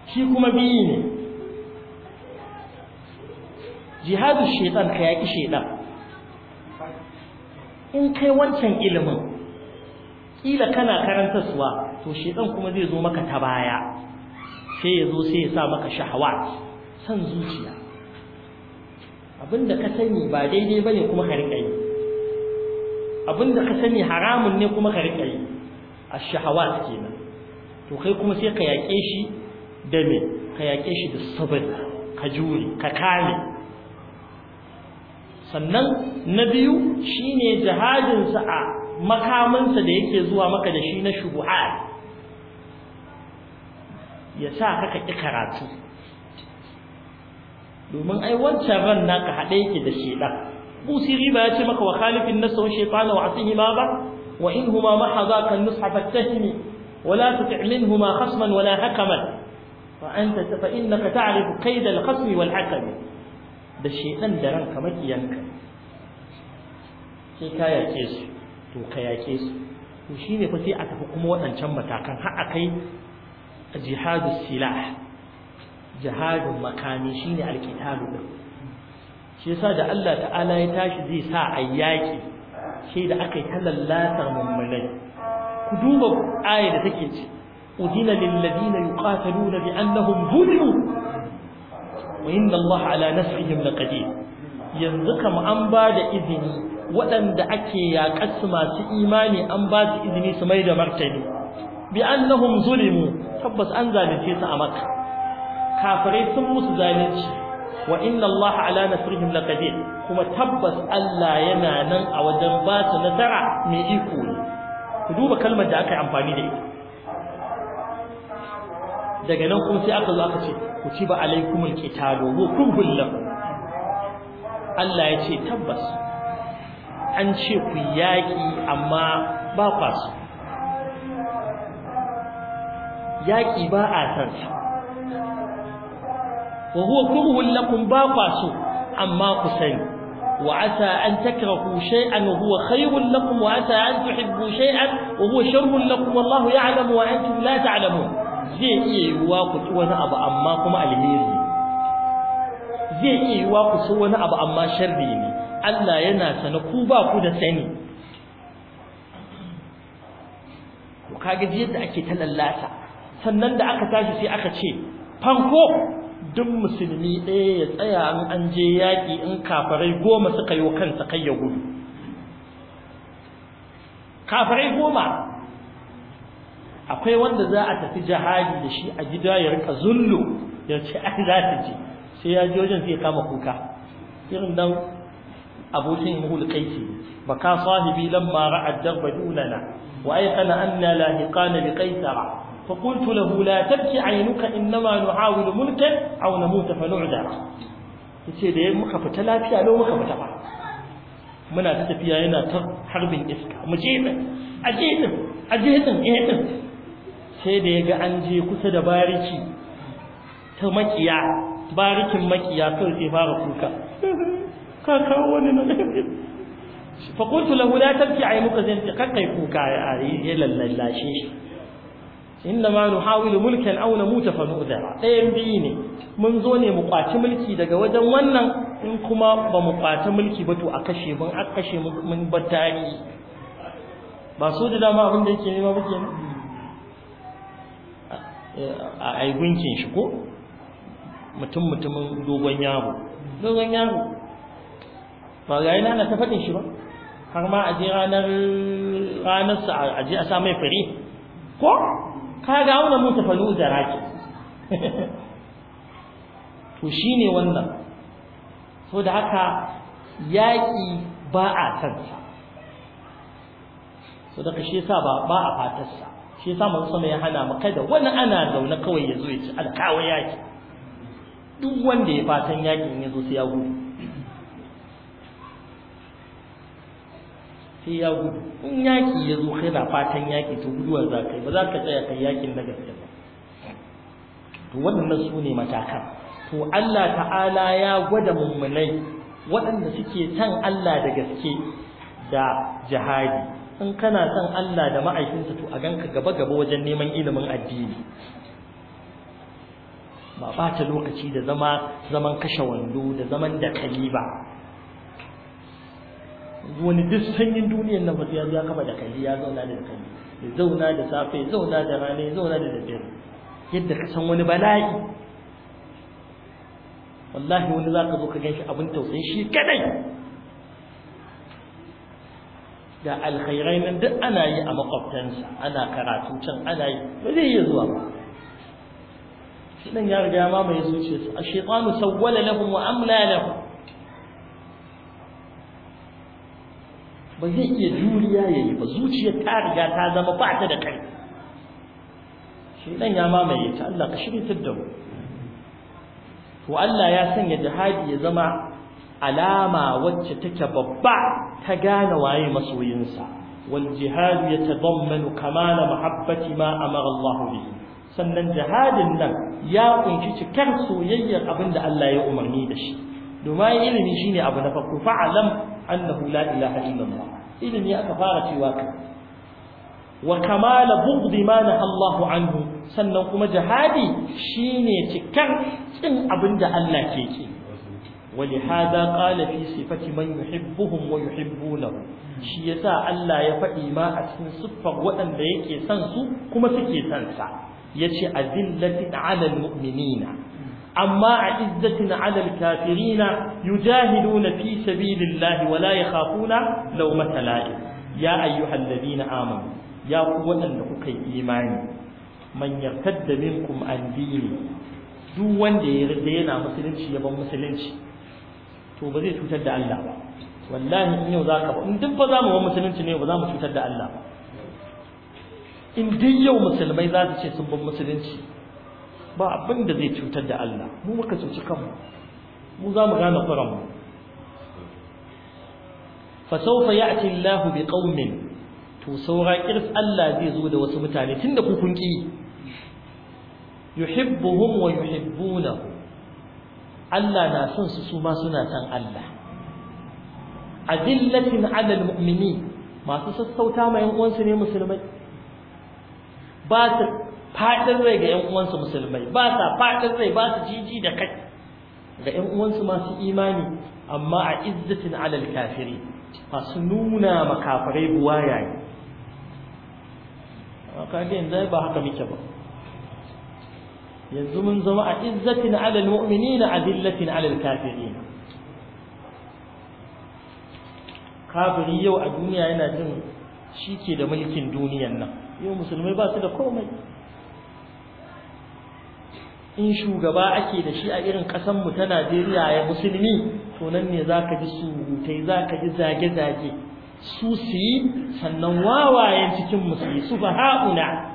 shi kuma biyu ne jihadu shaitan ka yaki
shaitan in kai wancan ilimin kila kana karantarsuwa to shedan kuma zai zo maka ta baya sai ya zo sai ya sa maka shahawat san zuciya abinda ka sani ba daidai bane kuma ka rika yi abinda ka sani haramun ne kuma ka rika yi ash-shahawat kenan to kai kuma sai ka yake shi da me ka yake shi da sabr ka jure ka kame sannan na biyu shine jihadinsa a makamansa da yake zuwa maka da shi na shubuhat ya sa haka karatu domin ai wancan ran naka haɗe yake da shedan busiri ba ya ce maka wa khalifin nasa wa shaytana wa ma ba wa in huma mahaza kan nusha fattahimi wala tuti minhuma khasman wala hakaman fa anta fa innaka ta'rifu qayd al-khasmi wal hakami da shedan da ranka makiyanka sai ka yake su to ka yake su to shine ne sai a tafi kuma waɗancan matakan har a jihadu silah jihadun makami shine alkitabu din shi yasa da Allah ta'ala ya tashi zai sa yaƙi. sai da akai talallatar mummunai ku duba ayar da take ce udina lil ladina bi annahum
zulimu
wa Allah ala nas'ihim laqadir yanzu kam an ba da izini waɗanda ake yaƙar masu imani an ba su izini su mai da martani bi annahum zulimu tabbas an zalunce su a makka kafirai sun musu zalunci wa inna allaha ala nasrihim laqadir kuma tabbas Allah yana nan a wajen ba su nasara mai iko ku duba kalmar da aka yi amfani da ita daga nan kuma sai aka zo aka ce kutiba alaikumul qitalu wa kurhul lakum Allah ya ce tabbas an ce ku yaƙi amma ba kwa yaƙi ba a san
wa huwa kurhul lakum ba kwa amma ku sani
وعسى أن تكرهوا شيئا وهو an لكم وعسى أن تحبوا شيئا وهو شر لكم والله يعلم zai iya yiwuwa ku ci wani abu amma kuma alheri zai iya yiwuwa ku ci wani abu amma sharri ne Allah yana sana ku ba ku da sani ku kage ji yadda ake ta lallata sannan da aka tashi sai aka ce fanko duk musulmi ɗaya ya tsaya in an je yaƙi in kafarai goma suka yi kansa kai ya gudu kafarai goma akwai wanda za a tafi jihadi da shi a gida ya rika zullu ya ce ai za ta ji sai ya ji wajen zai kama kuka irin dan abokin imhul kaiti baka sahibi lamma ra'a darba dunana wa ayqana anna lahiqana bi qaisara فقلت له لا تبكي عينك إنما نحاول ملكا أو نموت فنعذر yace da muka fita lafiya lau muka fita ba muna ta tafiya yana ta harbin iska mu je din a je din a je din eh din sai da ya ga an je kusa da bariki ta makiya barikin makiya kawai sai fara kuka
ka kawo wani na
fa qultu lahu la tabki ay muqazin kai kuka ya lallashe shi inna ma nuhawilu mulkan aw namuta fa nu'dha ɗayan biyu ne mun zo ne mu kwaci mulki daga wajen wannan in kuma ba mu kwaci mulki ba to a kashe mun a kashe mun bar tarihi ba so da dama abin da yake nema ba kenan a aigunkin shi ko mutum mutumin dogon yaro dogon yaro ba ga yana na ta faɗin shi ba har ma a je ranar ranar sa a je a sa mai fare ko ka ga wannan mu tafalu da raki to shine wannan so da haka yaƙi ba a kansa so da kashe sa ba ba a fatarsa shi yasa manzo sama ya hana mu kada wani ana zaune kawai ya zo ya ci alkawa yaki duk wanda ya fatan yakin ya zo sai ya gudu sai ya gudu in yaki ya zo kai na fatan yaki to guduwar za ka yi ba za ka tsaya kai yakin na gaske ba to waɗannan su ne matakan to Allah ta'ala ya gwada mummunai waɗanda suke san Allah da gaske da jihadi in kana son Allah da ma'aikinsa to a ganka gaba gaba wajen neman ilimin addini ba bata lokaci da zama zaman kashe wando da zaman da kali ba wani duk sanyin duniyar na ba ya kama da kali ya zauna da kali ya zauna da safe ya zauna da rana ya zauna da daddare yadda ka san wani bala'i wallahi wani za ka zo ka shi abin tausayi shi kadai da alkhairai nan duk ana yi a makwabtansa ana karatun can ana yi ba zai iya zuwa ba shi nan ya riga ma mai zuciya su ash-shaytanu sawwala lahum wa amla lahum ba zai iya juriya ya yi ba zuciya ta riga ta zama ba ta da kai shi nan ya mamaye ta Allah ka shirye ta da mu to Allah ya sanya jihadi ya zama alama wacce take babba ta gane waye masoyinsa wal jihad yatadammanu kamal mahabbati ma amara Allah bihi sannan jihadin nan ya kunshi cikar soyayyar abinda Allah ya umarni da shi domin ilimi shine abu na farko fa'alam annahu la ilaha illallah ilimi aka fara cewa ka wa kamal bughdi ma Allah anhu sannan kuma jihadi shine cikar cin abinda Allah ke ki ولهذا قال في صفة من يحبهم ويحبونه shi yasa Allah ya faɗi ma a cikin siffar waɗanda yake son su kuma suke son sa yace azillatin 'ala almu'minina amma a izzatin 'ala alkafirina yujahiduna fi sabilillahi wa la yakhafuna lawmata la'im ya ayyuhalladhina amanu ya ku waɗanda kuka yi imani man yartadda minkum an dini duk wanda ya yarda yana musulunci ya ban musulunci to ba zai cutar da Allah ba wallahi in yau zaka ba in duk ba zamu mu wa musulunci ne ba za mu cutar da Allah ba in duk yau musulmai za su ce sun bar musulunci ba abin da zai cutar da Allah mu muka cuci kanmu mu za mu gane kuranmu fa sawfa ya'ti Allah bi qaumin to saura kirs Allah zai zo da wasu mutane tunda ku kun ki yuhibbuhum wa yuhibbunahu Allah na son su su ma suna san Allah adillatin alal mu'mini masu sassauta ma yan uwansu ne musulmai ba su fadin rai ga yan uwansu musulmai ba sa fadin rai ba su jiji da kai ga yan uwansu masu imani amma a izzatin alal kafiri masu nuna makafirai buwaya ne kaga yanzu ba haka muke ba yanzu mun zama a izzatin alal na azillatin alal kafiri kafiri yau a duniya yana jin shi ke da mulkin duniyan nan yau musulmai ba su da komai in shugaba ake da shi a irin mu ta najeriya ya musulmi to nan ne za ka ji surutai za ka ji zage-zage su su yi sannan wawayen cikin musulmi su ba ha'una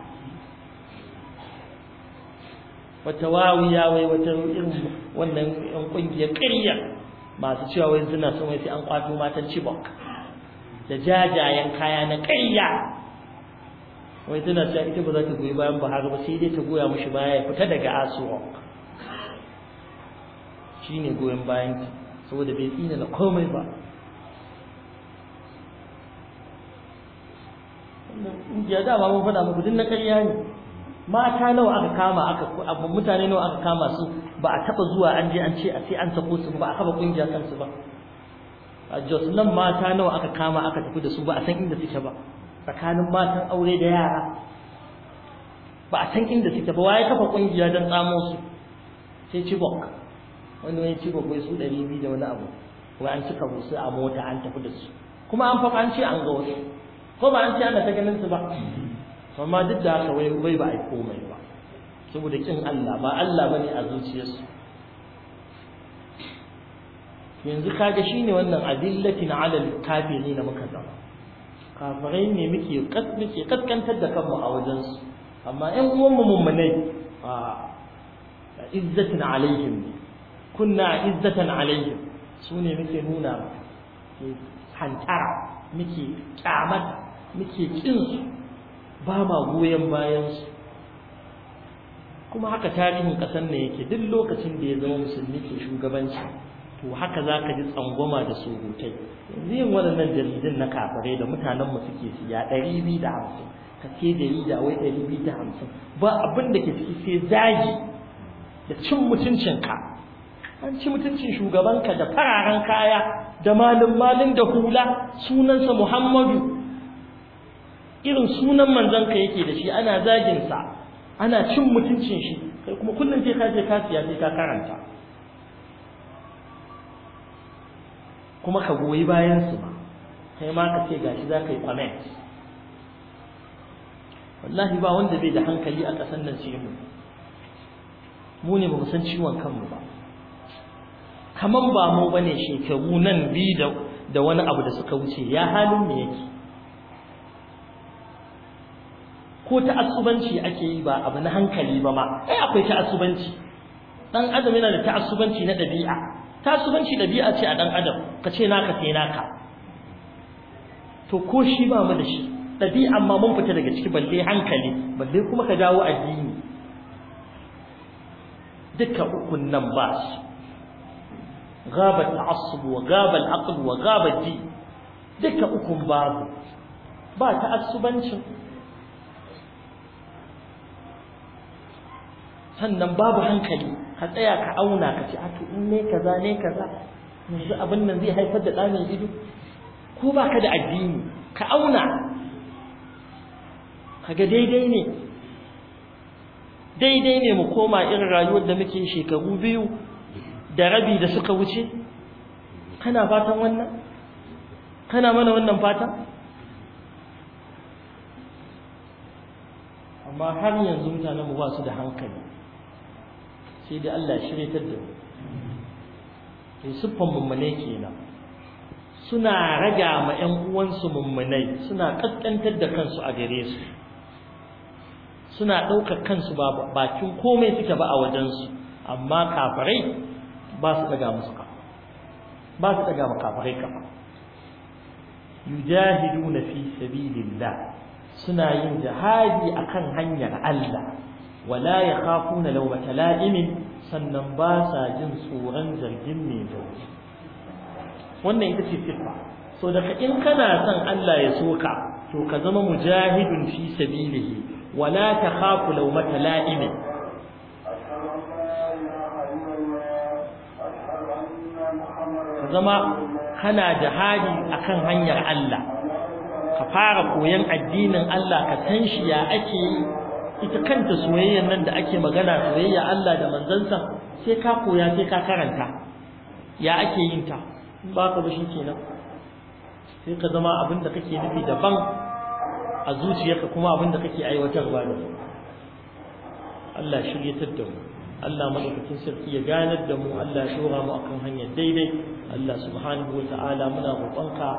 wata wawiya wai wata irin wannan yan kungiyar ƙarya masu cewa wai suna son wai sai an kwato matan Chibok da jajayen kaya na ƙarya wai tana cewa ita ba za ta goyi bayan Buhari ba sai dai ta goya mushi baya ya fita daga Asuwa shine goyon bayan ta saboda bai tsina da komai ba wannan ƙungiya dama mun faɗa mu gudun na ƙarya ne mata nawa aka kama aka mutane nawa aka kama su ba a taba zuwa an je an ce a sai an sako su ba a kafa kungiya kansu ba a Jos nan mata nawa aka kama aka tafi da su ba a san inda suke ba tsakanin matan aure da yara ba a san inda suke ba waye kafa kungiya don tsamo su sai Chibok wani wani Chibok bai su biyu da wani abu wai an cika musu a mota an tafi da su kuma an faɗa an ce an ga wasu
ko ba an ce ana ta
ganin su ba amma duk da haka wai ba yi komai ba saboda kin Allah ba Allah bane a zuciyarsu yanzu kaga shine wannan adillatin alal kafirin na muka zama kafirai ne muke muke kaskantar da kanmu a wajen su amma ƴan uwan mu mummunai a izzatin alaihim kunna izzatan alaihim sune muke nuna hantara muke kyamata muke kin su ba ma goyon bayansu kuma haka tarihin ƙasar ne yake duk lokacin da ya zama musulmi ke shugabanci to haka za ka ji tsangwama da surutai yanzu yin waɗannan jaridun na kafare da mutanenmu suke siya ɗari biyu da hamsin ka ce jarida wai ɗari biyu da hamsin ba abin da ke ciki sai zagi da cin ka an ci mutuncin shugabanka da fararen kaya da malin malin da hula sunansa muhammadu irin sunan manzon ka yake da shi ana zagin sa ana cin mutuncin shi kai kuma kullun sai ka je ka siya sai ka karanta kuma ka goyi bayan su ba kai ma ka ce gashi za ka yi comment wallahi ba wanda bai da hankali a ƙasar nan sai mu mu ne ba mu san ciwon kanmu ba kaman ba mu bane shekaru nan bi da wani abu da suka wuce ya halin mu yake ko ta'assubanci ake yi ba abu na hankali ba ma ai akwai ta'assubanci dan adam yana da ta'assubanci na dabi'a ta'assubanci dabi'a ce a dan adam ka ce naka sai naka to ko shi ba mu da shi dabi'a amma mun fita daga ciki balle hankali balle kuma ka dawo addini duka ukun nan ba shi غاب التعصب وغاب العقل وغاب الدين duka ukun ba ba ta'assubancin sannan babu hankali ka tsaya ka auna ka ce to in ne kaza ne kaza yanzu abin nan zai haifar da ɗamin ido ko ba ka da addini ka auna ka ga daidai ne daidai ne mu koma irin rayuwar da muke shekaru biyu da rabi da suka wuce kana fatan wannan kana mana wannan fata amma har yanzu mutanen mu ba su da hankali sai dai Allah ya shirye ta da mu sai siffan mummunai kenan suna raga ma ƴan uwansu mummunai suna kaskantar da kansu a gare su suna ɗaukar kansu ba bakin komai suke ba a wajensu amma kafirai ba su daga musu kafa ba su daga makafirai kafa yujahiduna fi sabilillah suna yin jihadi akan hanyar Allah wala ya khafuna law la'imin sannan ba sa jin tsoron zargin mai zargi wannan ita ce siffa so daga in kana son Allah ya soka to ka zama mujahidun fi sabilihi wala takhafu la'imin.
Ka zama kana jihadi
akan hanyar Allah ka fara koyan addinin Allah ka san shi ya ake yi ita kanta soyayyar nan da ake magana soyayya Allah da manzansa sai ka koya sai ka karanta ya ake yin ta in ba ka bashi kenan sai ka zama abin da kake nufi daban a zuciyarka kuma abin da kake aiwatarwa da Allah shiryatar da mu Allah madaukakin sarki ya ganar da mu Allah ya shora mu akan hanyar daidai Allah subhanahu wa ta'ala muna roƙonka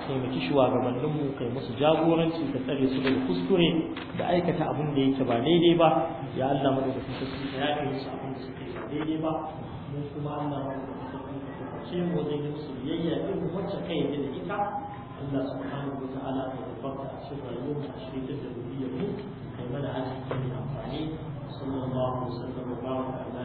ka taimaki shugabanninmu kai musu jagoranci ka tsare su daga kuskure da aikata abin da yake ba daidai ba ya Allah mu da kuka su ya kai musu abin da suke ba daidai ba mu kuma Allah mu da kuka ce mu da yi musu biyayya irin wacce
kai yake da ita Allah subhanahu wa ta'ala ya tabbata a cikin rayuwar mu a cikin da zuriyar mu kai mana arziki mai amfani sallallahu alaihi wa sallam wa baraka